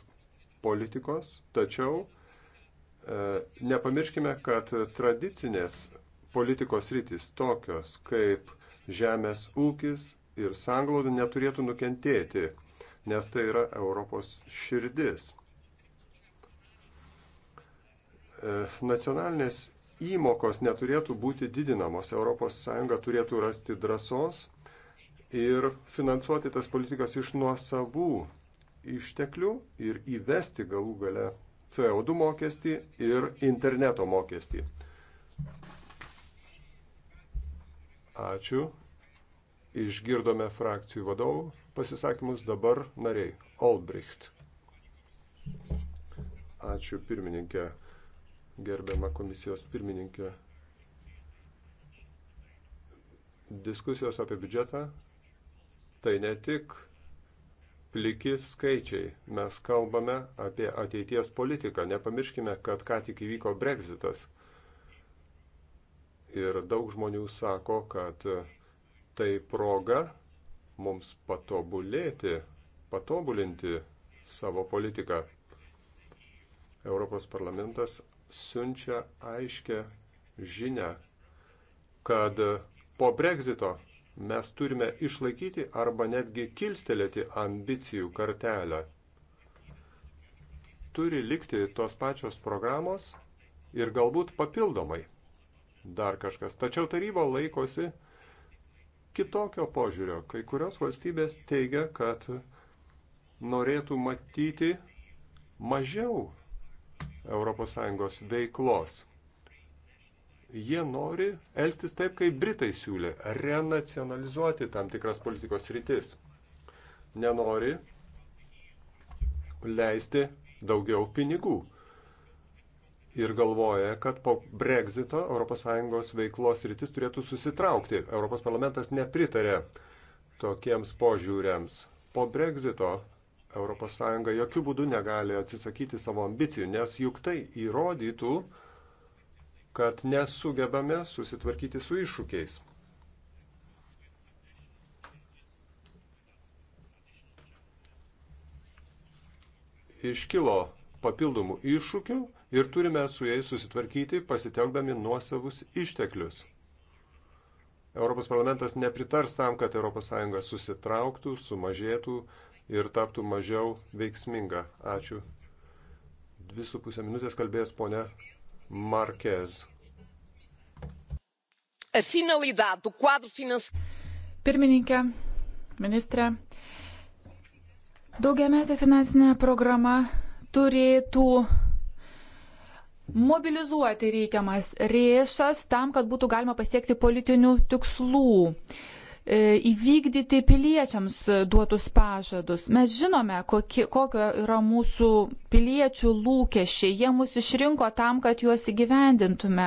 politikos, tačiau E, nepamirškime, kad tradicinės politikos rytis tokios kaip žemės ūkis ir sanglauda neturėtų nukentėti, nes tai yra Europos širdis. E, nacionalinės įmokos neturėtų būti didinamos. ES turėtų rasti drąsos ir finansuoti tas politikas iš nuosavų išteklių ir įvesti galų gale CO2 mokestį ir interneto mokestį. Ačiū. Išgirdome frakcijų vadovų pasisakymus dabar nariai. Olbricht. Ačiū pirmininkė, gerbiama komisijos pirmininkė. Diskusijos apie biudžetą tai ne tik pliki skaičiai. Mes kalbame apie ateities politiką. Nepamirškime, kad ką tik įvyko Brexitas. Ir daug žmonių sako, kad tai proga mums patobulėti, patobulinti savo politiką. Europos parlamentas siunčia aiškę žinę, kad po Brexito mes turime išlaikyti arba netgi kilstelėti ambicijų kartelę. Turi likti tos pačios programos ir galbūt papildomai dar kažkas. Tačiau taryba laikosi kitokio požiūrio. Kai kurios valstybės teigia, kad norėtų matyti mažiau ES veiklos. Jie nori elgtis taip, kaip Britai siūlė - renacionalizuoti tam tikras politikos rytis. Nenori leisti daugiau pinigų. Ir galvoja, kad po Brexito ES veiklos rytis turėtų susitraukti. Europos parlamentas nepritarė tokiems požiūriams. Po Brexito ES jokių būdų negali atsisakyti savo ambicijų, nes juk tai įrodytų, kad nesugebame susitvarkyti su iššūkiais. Iškilo papildomų iššūkių ir turime su jais susitvarkyti pasitelkdami nuosavus išteklius. Europos parlamentas nepritars tam, kad ES susitrauktų, sumažėtų ir taptų mažiau veiksminga. Ačiū. Dvi su pusė minutės kalbės ponia Marquez. Pirmininkė, ministrė, daugiametė finansinė programa turėtų mobilizuoti reikiamas rėšas tam, kad būtų galima pasiekti politinių tikslų. E, įvykdyti piliečiams duotus pažadus. Mes žinome, kokie, kokio yra mūsų piliečių lūkesčiai. Jie mus išrinko tam, kad juos įgyvendintume.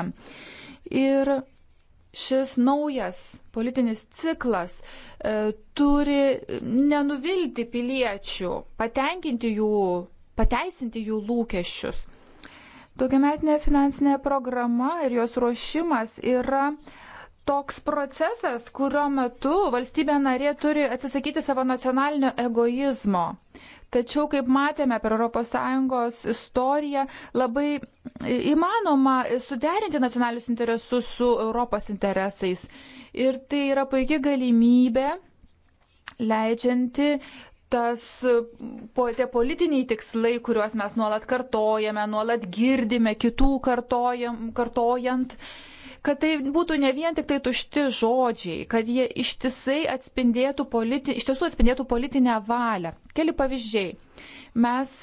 Ir šis naujas politinis ciklas e, turi nenuvilti piliečių, patenkinti jų, pateisinti jų lūkesčius. Daugiametinė finansinė programa ir jos ruošimas yra toks procesas, kurio metu valstybė narė turi atsisakyti savo nacionalinio egoizmo. Tačiau, kaip matėme per ES istoriją, labai įmanoma suderinti nacionalinius interesus su Europos interesais. Ir tai yra puikia galimybė leidžianti tas po, tie politiniai tikslai, kuriuos mes nuolat kartojame, nuolat girdime kitų kartojam, kartojant. kartojant kad tai būtų ne vien tik tai tušti žodžiai, kad jie ištisai atspindėtų, politi, iš tiesų atspindėtų politinę valią. Keli pavyzdžiai. Mes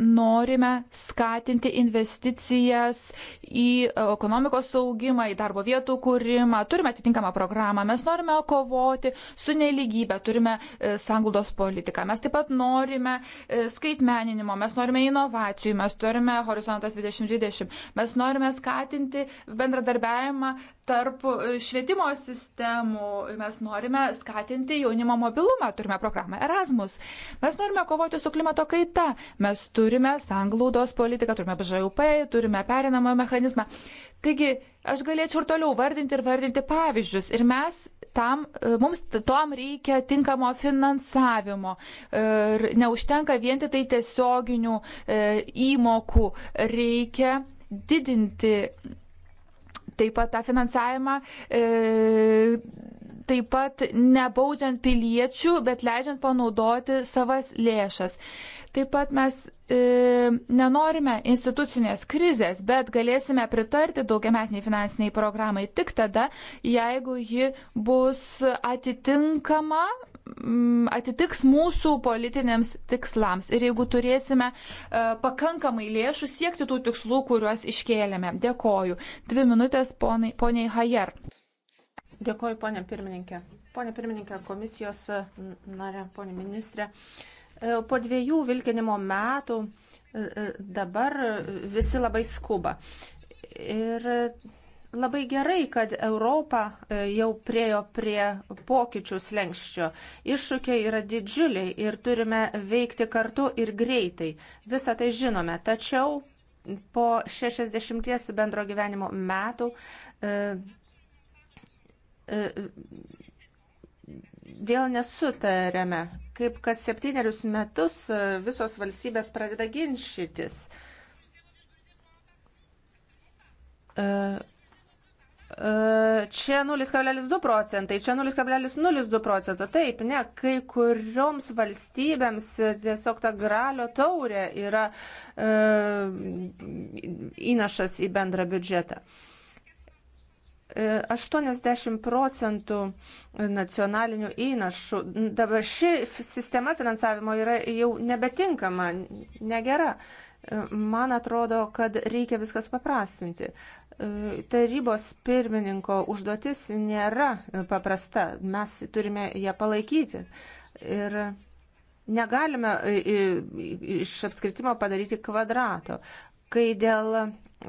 norime skatinti investicijas į e, ekonomikos saugimą, į darbo vietų kūrimą, turime atitinkamą programą, mes norime kovoti su neligybė, turime e, sanglaudos politiką, mes taip pat norime e, skaitmeninimo, mes norime inovacijų, mes turime horizontas 2020, mes norime skatinti bendradarbiavimą tarp švietimo sistemų, mes norime skatinti jaunimo mobilumą, turime programą Erasmus, mes norime kovoti su klimato kaita, mes Turime sanglaudos politiką, turime BŽUP, turime perinamą mechanizmą. Taigi, aš galėčiau ir toliau vardinti ir vardinti pavyzdžius. Ir mes tam, e, mums tom reikia tinkamo finansavimo. E, ir neužtenka vien tik tai tiesioginių e, įmokų. Reikia didinti taip pat tą finansavimą. E, Taip pat nebaudžiant piliečių, bet leidžiant panaudoti savas lėšas. Taip pat mes e, nenorime institucinės krizės, bet galėsime pritarti daugiametiniai finansiniai programai tik tada, jeigu ji bus atitinkama atitiks mūsų politiniams tikslams ir jeigu turėsime e, pakankamai lėšų siekti tų tikslų, kuriuos iškėlėme. Dėkoju. Dvi minutės ponai, poniai Hajer. Dėkoju, ponė pirmininkė. Ponė pirmininkė, komisijos narė, ponė ministrė. E, E, po dviejų vilkinimo metų e, e, dabar visi labai skuba. Ir labai gerai, kad Europa jau priejo prie pokyčių slengščio. Iššūkiai yra didžiuliai ir turime veikti kartu ir greitai. Visą tai žinome. Tačiau po 60 bendro gyvenimo metų. E, e, dėl nesutarėme, kaip kas septynerius metus e, visos valstybės pradeda ginčytis. E, e, čia 0,2 procentai, čia 0,02 procento. Taip, ne, kai kurioms valstybėms tiesiog ta gralio taurė yra e, įnašas į bendrą biudžetą. E, 80 procentų nacionalinių įnašų. Dabar ši sistema finansavimo yra jau nebetinkama, negera. Man atrodo, kad reikia viskas paprastinti. Tarybos pirmininko užduotis nėra paprasta. Mes turime ją palaikyti. Ir negalime iš apskritimo padaryti kvadrato. Kai dėl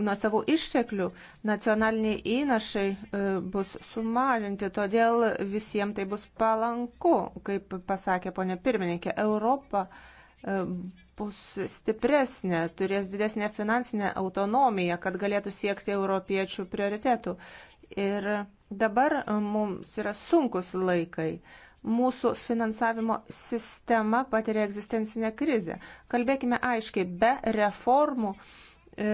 nuo savo išteklių nacionaliniai įnašai e, bus sumažinti, todėl visiems tai bus palanku, kaip pasakė ponė pirmininkė. Europa e, bus stipresnė, turės didesnę finansinę autonomiją, kad galėtų siekti europiečių prioritetų. Ir dabar e, mums yra sunkus laikai mūsų finansavimo sistema patiria egzistencinę krizę. Kalbėkime aiškiai, be reformų E,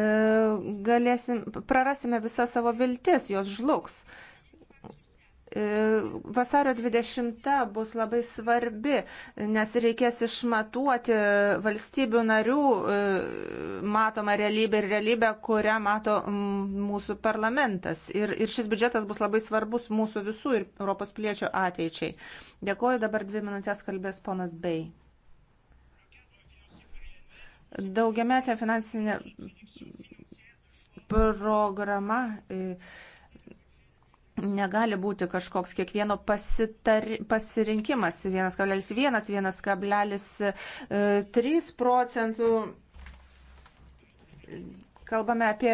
galėsim, prarasime visą savo viltis, jos žlugs. E, vasario 20 bus labai svarbi, nes reikės išmatuoti valstybių narių e, matomą realybę ir realybę, kurią mato mūsų parlamentas. Ir, ir šis biudžetas bus labai svarbus mūsų visų ir Europos piliečių ateičiai. Dėkuoju, dabar dvi minutės kalbės ponas Bei. Daugiametė finansinė programa e, negali būti kažkoks kiekvieno pasitar, pasirinkimas 1,1, 1,3 e, procentų. Kalbame apie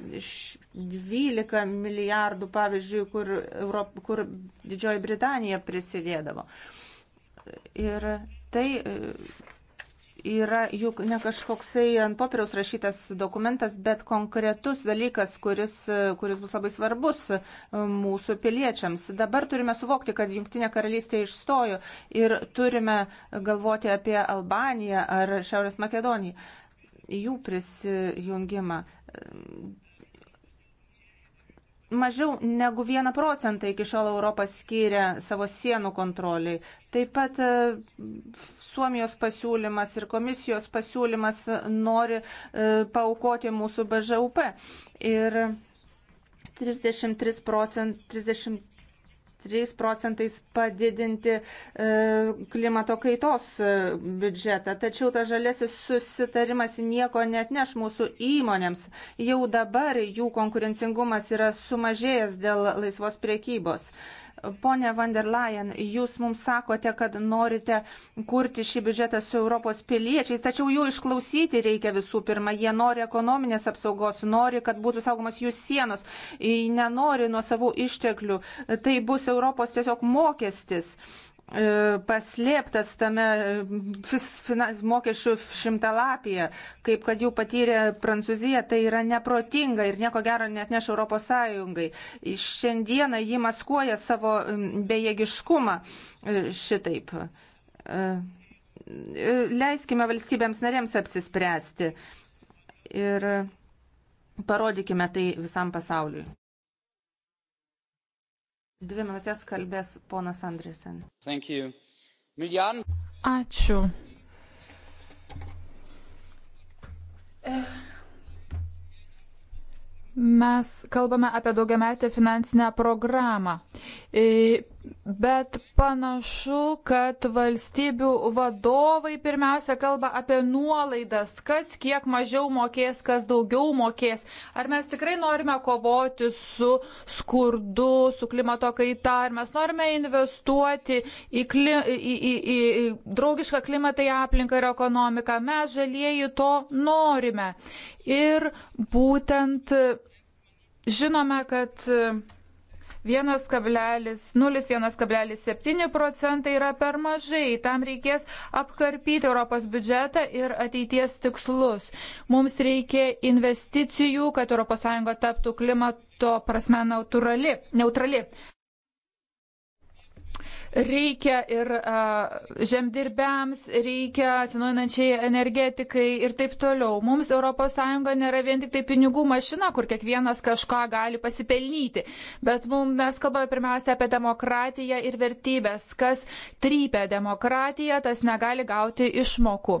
12 milijardų, pavyzdžiui, kur, Europ, kur Didžioji Britanija prisidėdavo. Ir tai e, yra juk ne kažkoksai ant popieriaus rašytas dokumentas, bet konkretus dalykas, kuris, kuris bus labai svarbus e, mūsų piliečiams. Dabar turime suvokti, kad Junktinė karalystė išstojo ir turime galvoti apie Albaniją ar Šiaurės Makedoniją, jų prisijungimą mažiau negu 1 procentą iki šiol Europą skyrė savo sienų kontroliai. Taip pat e, Suomijos pasiūlymas ir komisijos pasiūlymas nori e, paukoti mūsų BŽUP. Ir 33 procentai, 33 3 procentais padidinti e, klimato kaitos e, biudžetą. Tačiau tas žalėsis susitarimas nieko net neš mūsų įmonėms. Jau dabar jų konkurencingumas yra sumažėjęs dėl laisvos priekybos. Pone van der Leyen, jūs mums sakote, kad norite kurti šį biudžetą su Europos piliečiais, tačiau jų išklausyti reikia visų pirma. Jie nori ekonominės apsaugos, nori, kad būtų saugomas jų sienos, nenori nuo savų išteklių. Tai bus Europos tiesiog mokestis. E, paslėptas tame e, mokesčių šimtalapyje, kaip kad jau patyrė Prancūzija, tai yra neprotinga ir nieko gero net neš Europos Sąjungai. Šiandieną ji maskuoja savo bejėgiškumą e, šitaip. Leiskime valstybėms narėms apsispręsti ir parodykime tai visam pasauliui. Dvi minutės kalbės ponas Andresen. Milijan... Ačiū. Mes kalbame apie daugiametę finansinę programą. Bet panašu, kad valstybių vadovai pirmiausia kalba apie nuolaidas, kas kiek mažiau mokės, kas daugiau mokės. Ar mes tikrai norime kovoti su skurdu, su klimato kaita, ar mes norime investuoti į, kli, į, į, į, į draugišką klimatą, į aplinką ir ekonomiką. Mes žalieji to norime. Ir būtent žinome, kad 0,1,7 procentai yra per mažai. Tam reikės apkarpyti Europos biudžetą ir ateities tikslus. Mums reikia investicijų, kad ES taptų klimato prasme neutrali. neutrali reikia ir a, žemdirbiams, reikia atsinaujinančiai energetikai ir taip toliau. Mums ES nėra vien tik tai pinigų mašina, kur kiekvienas kažką gali pasipelnyti, bet mums, mes kalbame pirmiausia apie demokratiją ir vertybės. Kas trypia demokratiją, tas negali gauti išmokų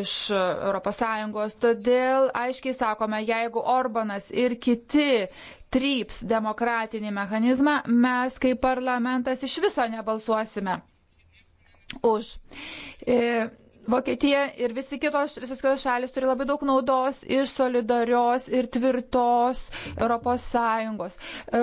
iš ES. Todėl aiškiai sakome, jeigu Orbanas ir kiti tryps demokratinį mechanizmą, mes kaip parlamentas iš viso nebalsuosime už. E, Vokietija ir visi kitos, visos kitos šalis turi labai daug naudos iš solidarios ir tvirtos Europos Sąjungos. E,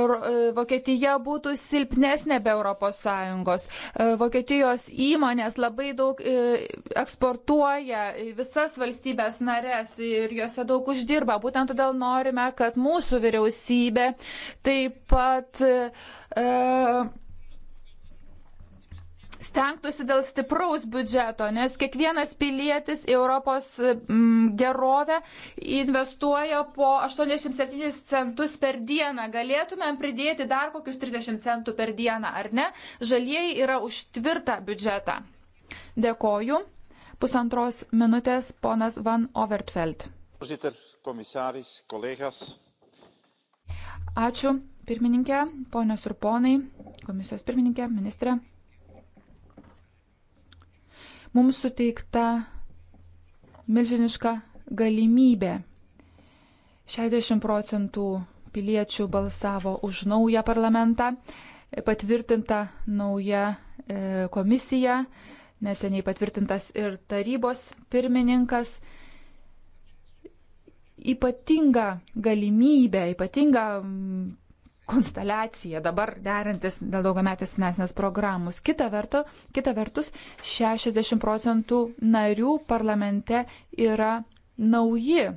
Vokietija būtų silpnesnė be Europos Sąjungos. E, Vokietijos įmonės labai daug e, eksportuoja visas valstybės narės ir juose daug uždirba. Būtent todėl norime, kad mūsų vyriausybė taip pat. E, stengtųsi dėl stipraus biudžeto, nes kiekvienas pilietis į Europos mm, gerovę investuoja po 87 centus per dieną. Galėtumėm pridėti dar kokius 30 centų per dieną, ar ne? Žalieji yra už tvirtą biudžetą. Dėkoju. Pusantros minutės ponas Van Overtfeld. Ačiū, pirmininkė, ponios ir ponai, komisijos pirmininkė, ministrė. Mums suteikta milžiniška galimybė. 60 procentų piliečių balsavo už naują parlamentą, patvirtinta nauja e, komisija, neseniai patvirtintas ir tarybos pirmininkas. Ypatinga galimybė, ypatinga konsteliacija dabar derintis dėl daugiametės finansinės programos. Kita, verto, kita vertus, 60 procentų narių parlamente yra nauji.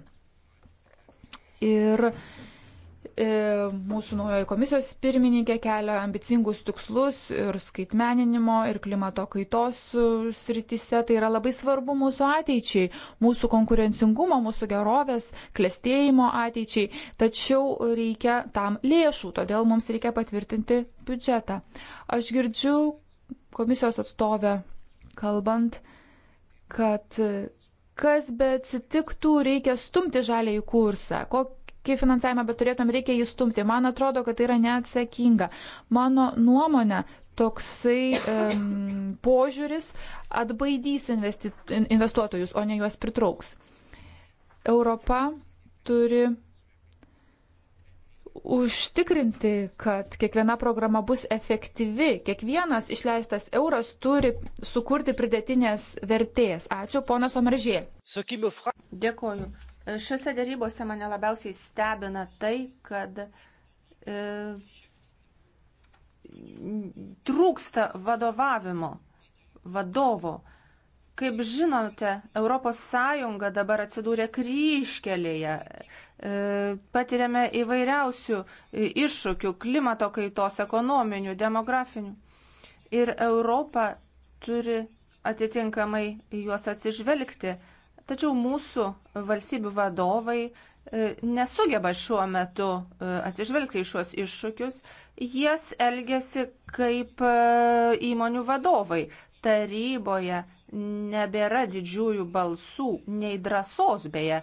Ir E, mūsų naujoji komisijos pirmininkė kelia ambicingus tikslus ir skaitmeninimo, ir klimato kaitos e, srityse. Tai yra labai svarbu mūsų ateičiai, mūsų konkurencingumo, mūsų gerovės, klėstėjimo ateičiai. Tačiau reikia tam lėšų, todėl mums reikia patvirtinti biudžetą. Aš girdžiu komisijos atstovę kalbant, kad e, kas be atsitiktų, reikia stumti žaliai kursą. Kok tokį finansavimą, bet turėtum reikia jį stumti. Man atrodo, kad tai yra neatsakinga. Mano nuomonė, toksai um, požiūris atbaidys investi, investuotojus, o ne juos pritrauks. Europa turi užtikrinti, kad kiekviena programa bus efektyvi, kiekvienas išleistas euras turi sukurti pridėtinės vertės. Ačiū, ponas Omaržė. Dėkoju. Šiuose dėrybose mane labiausiai stebina tai, kad e, trūksta vadovavimo, vadovo. Kaip žinote, ES dabar atsidūrė kryškelėje. E, patiriame įvairiausių e, iššūkių - klimato kaitos, ekonominių, demografinių. Ir Europa turi atitinkamai juos atsižvelgti. Tačiau mūsų valstybių vadovai e, nesugeba šiuo metu e, atsižvelgti į šiuos iššūkius. Jies elgesi kaip e, įmonių vadovai. Taryboje nebėra didžiųjų balsų, nei drąsos beje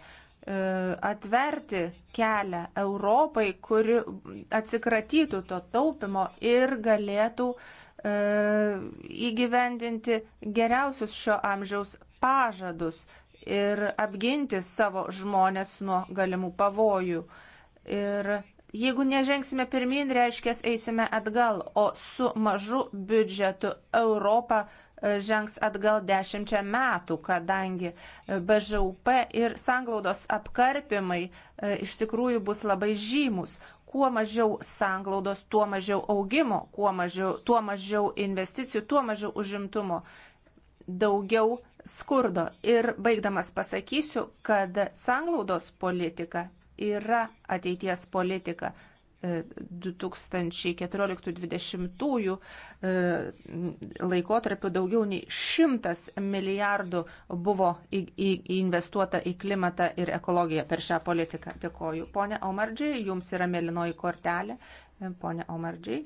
atverti kelią Europai, kuri atsikratytų to taupimo ir galėtų įgyvendinti geriausius šio amžiaus pažadus ir apginti savo žmonės nuo galimų pavojų. Ir jeigu nežengsime pirmin, reiškia, eisime atgal, o su mažu biudžetu Europą e, žengs atgal dešimčia metų, kadangi e, BŽUP ir sanglaudos apkarpimai e, iš tikrųjų bus labai žymus. Kuo mažiau sanglaudos, tuo mažiau augimo, kuo mažiau, tuo mažiau investicijų, tuo mažiau užimtumo. Daugiau skurdo. Ir baigdamas pasakysiu, kad sanglaudos politika yra ateities politika. 2014-2020 e, e, laikotarpiu daugiau nei 100 milijardų buvo į, į, investuota į klimatą ir ekologiją per šią politiką. Dėkoju. Pone Omardžiai, jums yra mėlynoji kortelė. E, pone Omardžiai,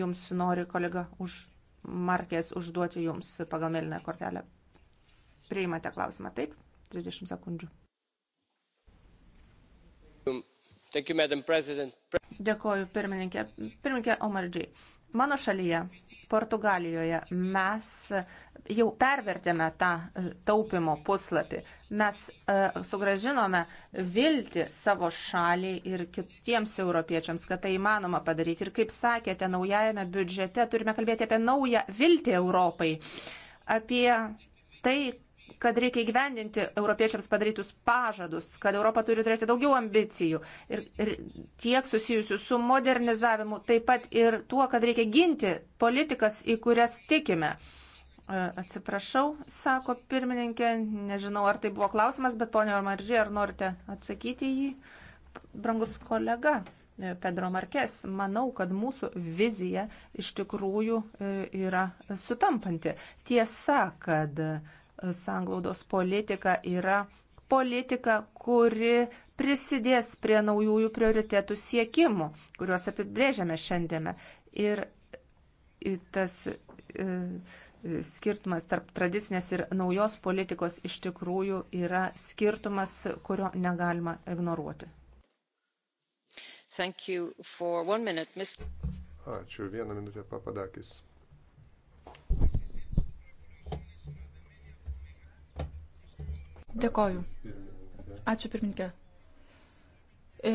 jums nori kolega už markės užduoti jums pagal mėlyną kortelę. Priimate klausimą, taip? 30 sekundžių. Dėkoju, pirmininkė. Pirmininkė Omardžiai. Mano šalyje Portugalijoje mes jau pervertėme tą e, taupimo puslapį. Mes e, sugražinome viltį savo šaliai ir kitiems europiečiams, kad tai įmanoma padaryti. Ir kaip sakėte, naujajame biudžete turime kalbėti apie naują viltį Europai, apie tai, kad reikia įgyvendinti europiečiams padarytus pažadus, kad Europa turi turėti daugiau ambicijų ir, ir tiek susijusių su modernizavimu, taip pat ir tuo, kad reikia ginti politikas, į kurias tikime. E, atsiprašau, sako pirmininkė, nežinau, ar tai buvo klausimas, bet ponio Maržė, ar norite atsakyti jį? Brangus kolega e, Pedro Markes, manau, kad mūsų vizija iš tikrųjų e, yra sutampanti. Tiesa, kad sanglaudos politika yra politika, kuri prisidės prie naujųjų prioritetų siekimų, kuriuos apibrėžiame šiandien. Ir tas skirtumas tarp tradicinės ir naujos politikos iš tikrųjų yra skirtumas, kurio negalima ignoruoti. Minute, Ačiū. Vieną minutę papadakis. Dėkoju. Ačiū pirmininkė. E,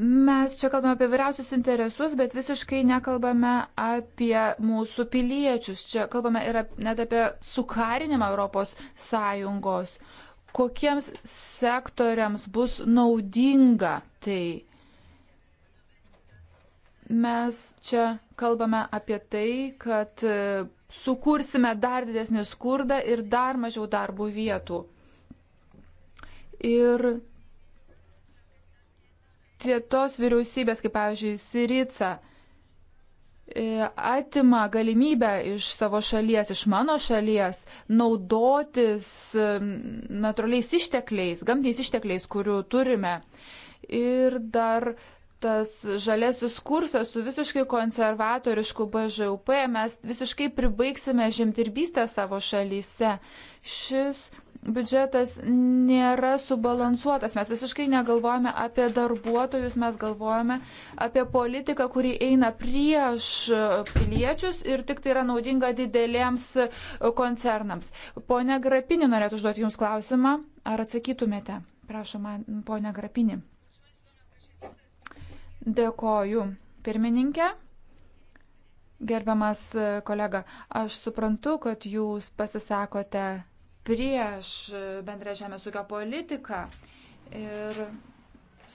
mes čia kalbame apie vyriausius interesus, bet visiškai nekalbame apie mūsų piliečius. Čia kalbame ir net apie sukarinimą Europos Sąjungos. Kokiems sektoriams bus naudinga tai? Mes čia kalbame apie tai, kad sukursime dar didesnį skurdą ir dar mažiau darbo vietų. Ir tos vyriausybės, kaip pavyzdžiui, Sirica, e, atima galimybę iš savo šalies, iš mano šalies, naudotis e, natūraliais ištekliais, gamtiniais ištekliais, kurių turime. Ir dar tas žalesis kursas su visiškai konservatorišku BŽUP, mes visiškai pribaigsime žemdirbystę savo šalyse. Šis biudžetas nėra subalansuotas, mes visiškai negalvojame apie darbuotojus, mes galvojame apie politiką, kuri eina prieš piliečius ir tik tai yra naudinga didelėms koncernams. Pone Grapinį norėtų užduoti Jums klausimą, ar atsakytumėte? Prašom, ponia Grapinį. Dėkoju, pirmininkė. Gerbiamas e, kolega, aš suprantu, kad jūs pasisakote prieš e, bendrą žemės ūkio politiką ir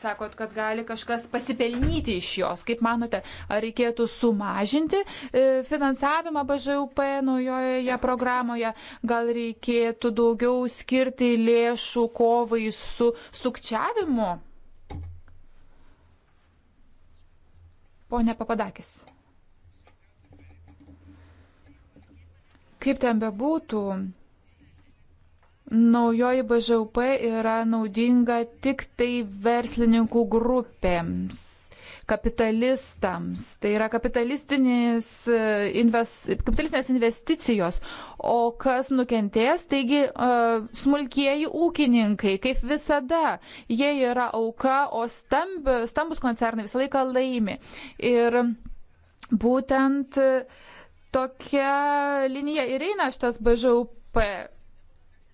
sakot, kad gali kažkas pasipelnyti iš jos. Kaip manote, ar reikėtų sumažinti e, finansavimą BŽUP naujoje programoje, gal reikėtų daugiau skirti lėšų kovai su sukčiavimu? Pone Papadakis. Kaip ten bebūtų, naujoji BŽUP yra naudinga tik tai verslininkų grupėms kapitalistams. Tai yra e, invest, kapitalistinės investicijos. O kas nukentės, taigi e, smulkieji ūkininkai, kaip visada, jie yra auka, o stamb, stambus koncernai visą laiką laimi. Ir būtent e, tokia linija ir eina šitas BŽUP.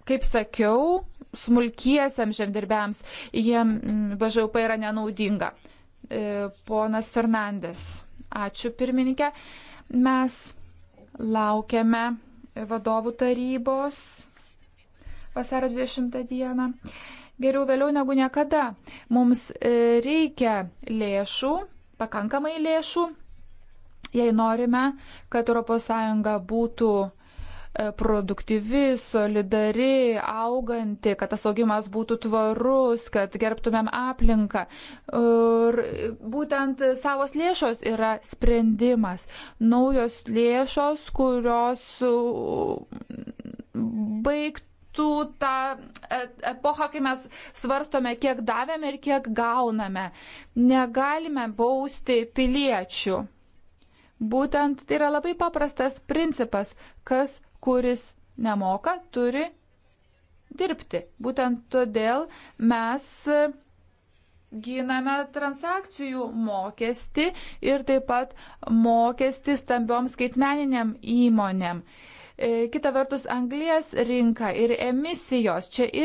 Kaip sakiau, smulkiesiam žemdirbėms jiem BŽUP yra nenaudinga. E, ponas Fernandės. Ačiū pirmininkė. Mes laukiame vadovų tarybos vasaro 20 dieną. Geriau vėliau negu niekada. Mums e, reikia lėšų, pakankamai lėšų, jei norime, kad ES būtų produktyvi, solidari, auganti, kad tas augimas būtų tvarus, kad gerbtumėm aplinką. Ir būtent savos lėšos yra sprendimas. Naujos lėšos, kurios baigtų tų tą epochą, kai mes svarstome, kiek davėme ir kiek gauname. Negalime bausti piliečių. Būtent tai yra labai paprastas principas, kas kuris nemoka, turi dirbti. Būtent todėl mes giname transakcijų mokestį ir taip pat mokestį stambiom skaitmeniniam įmonėm. E, kita vertus, anglės rinka ir emisijos čia irgi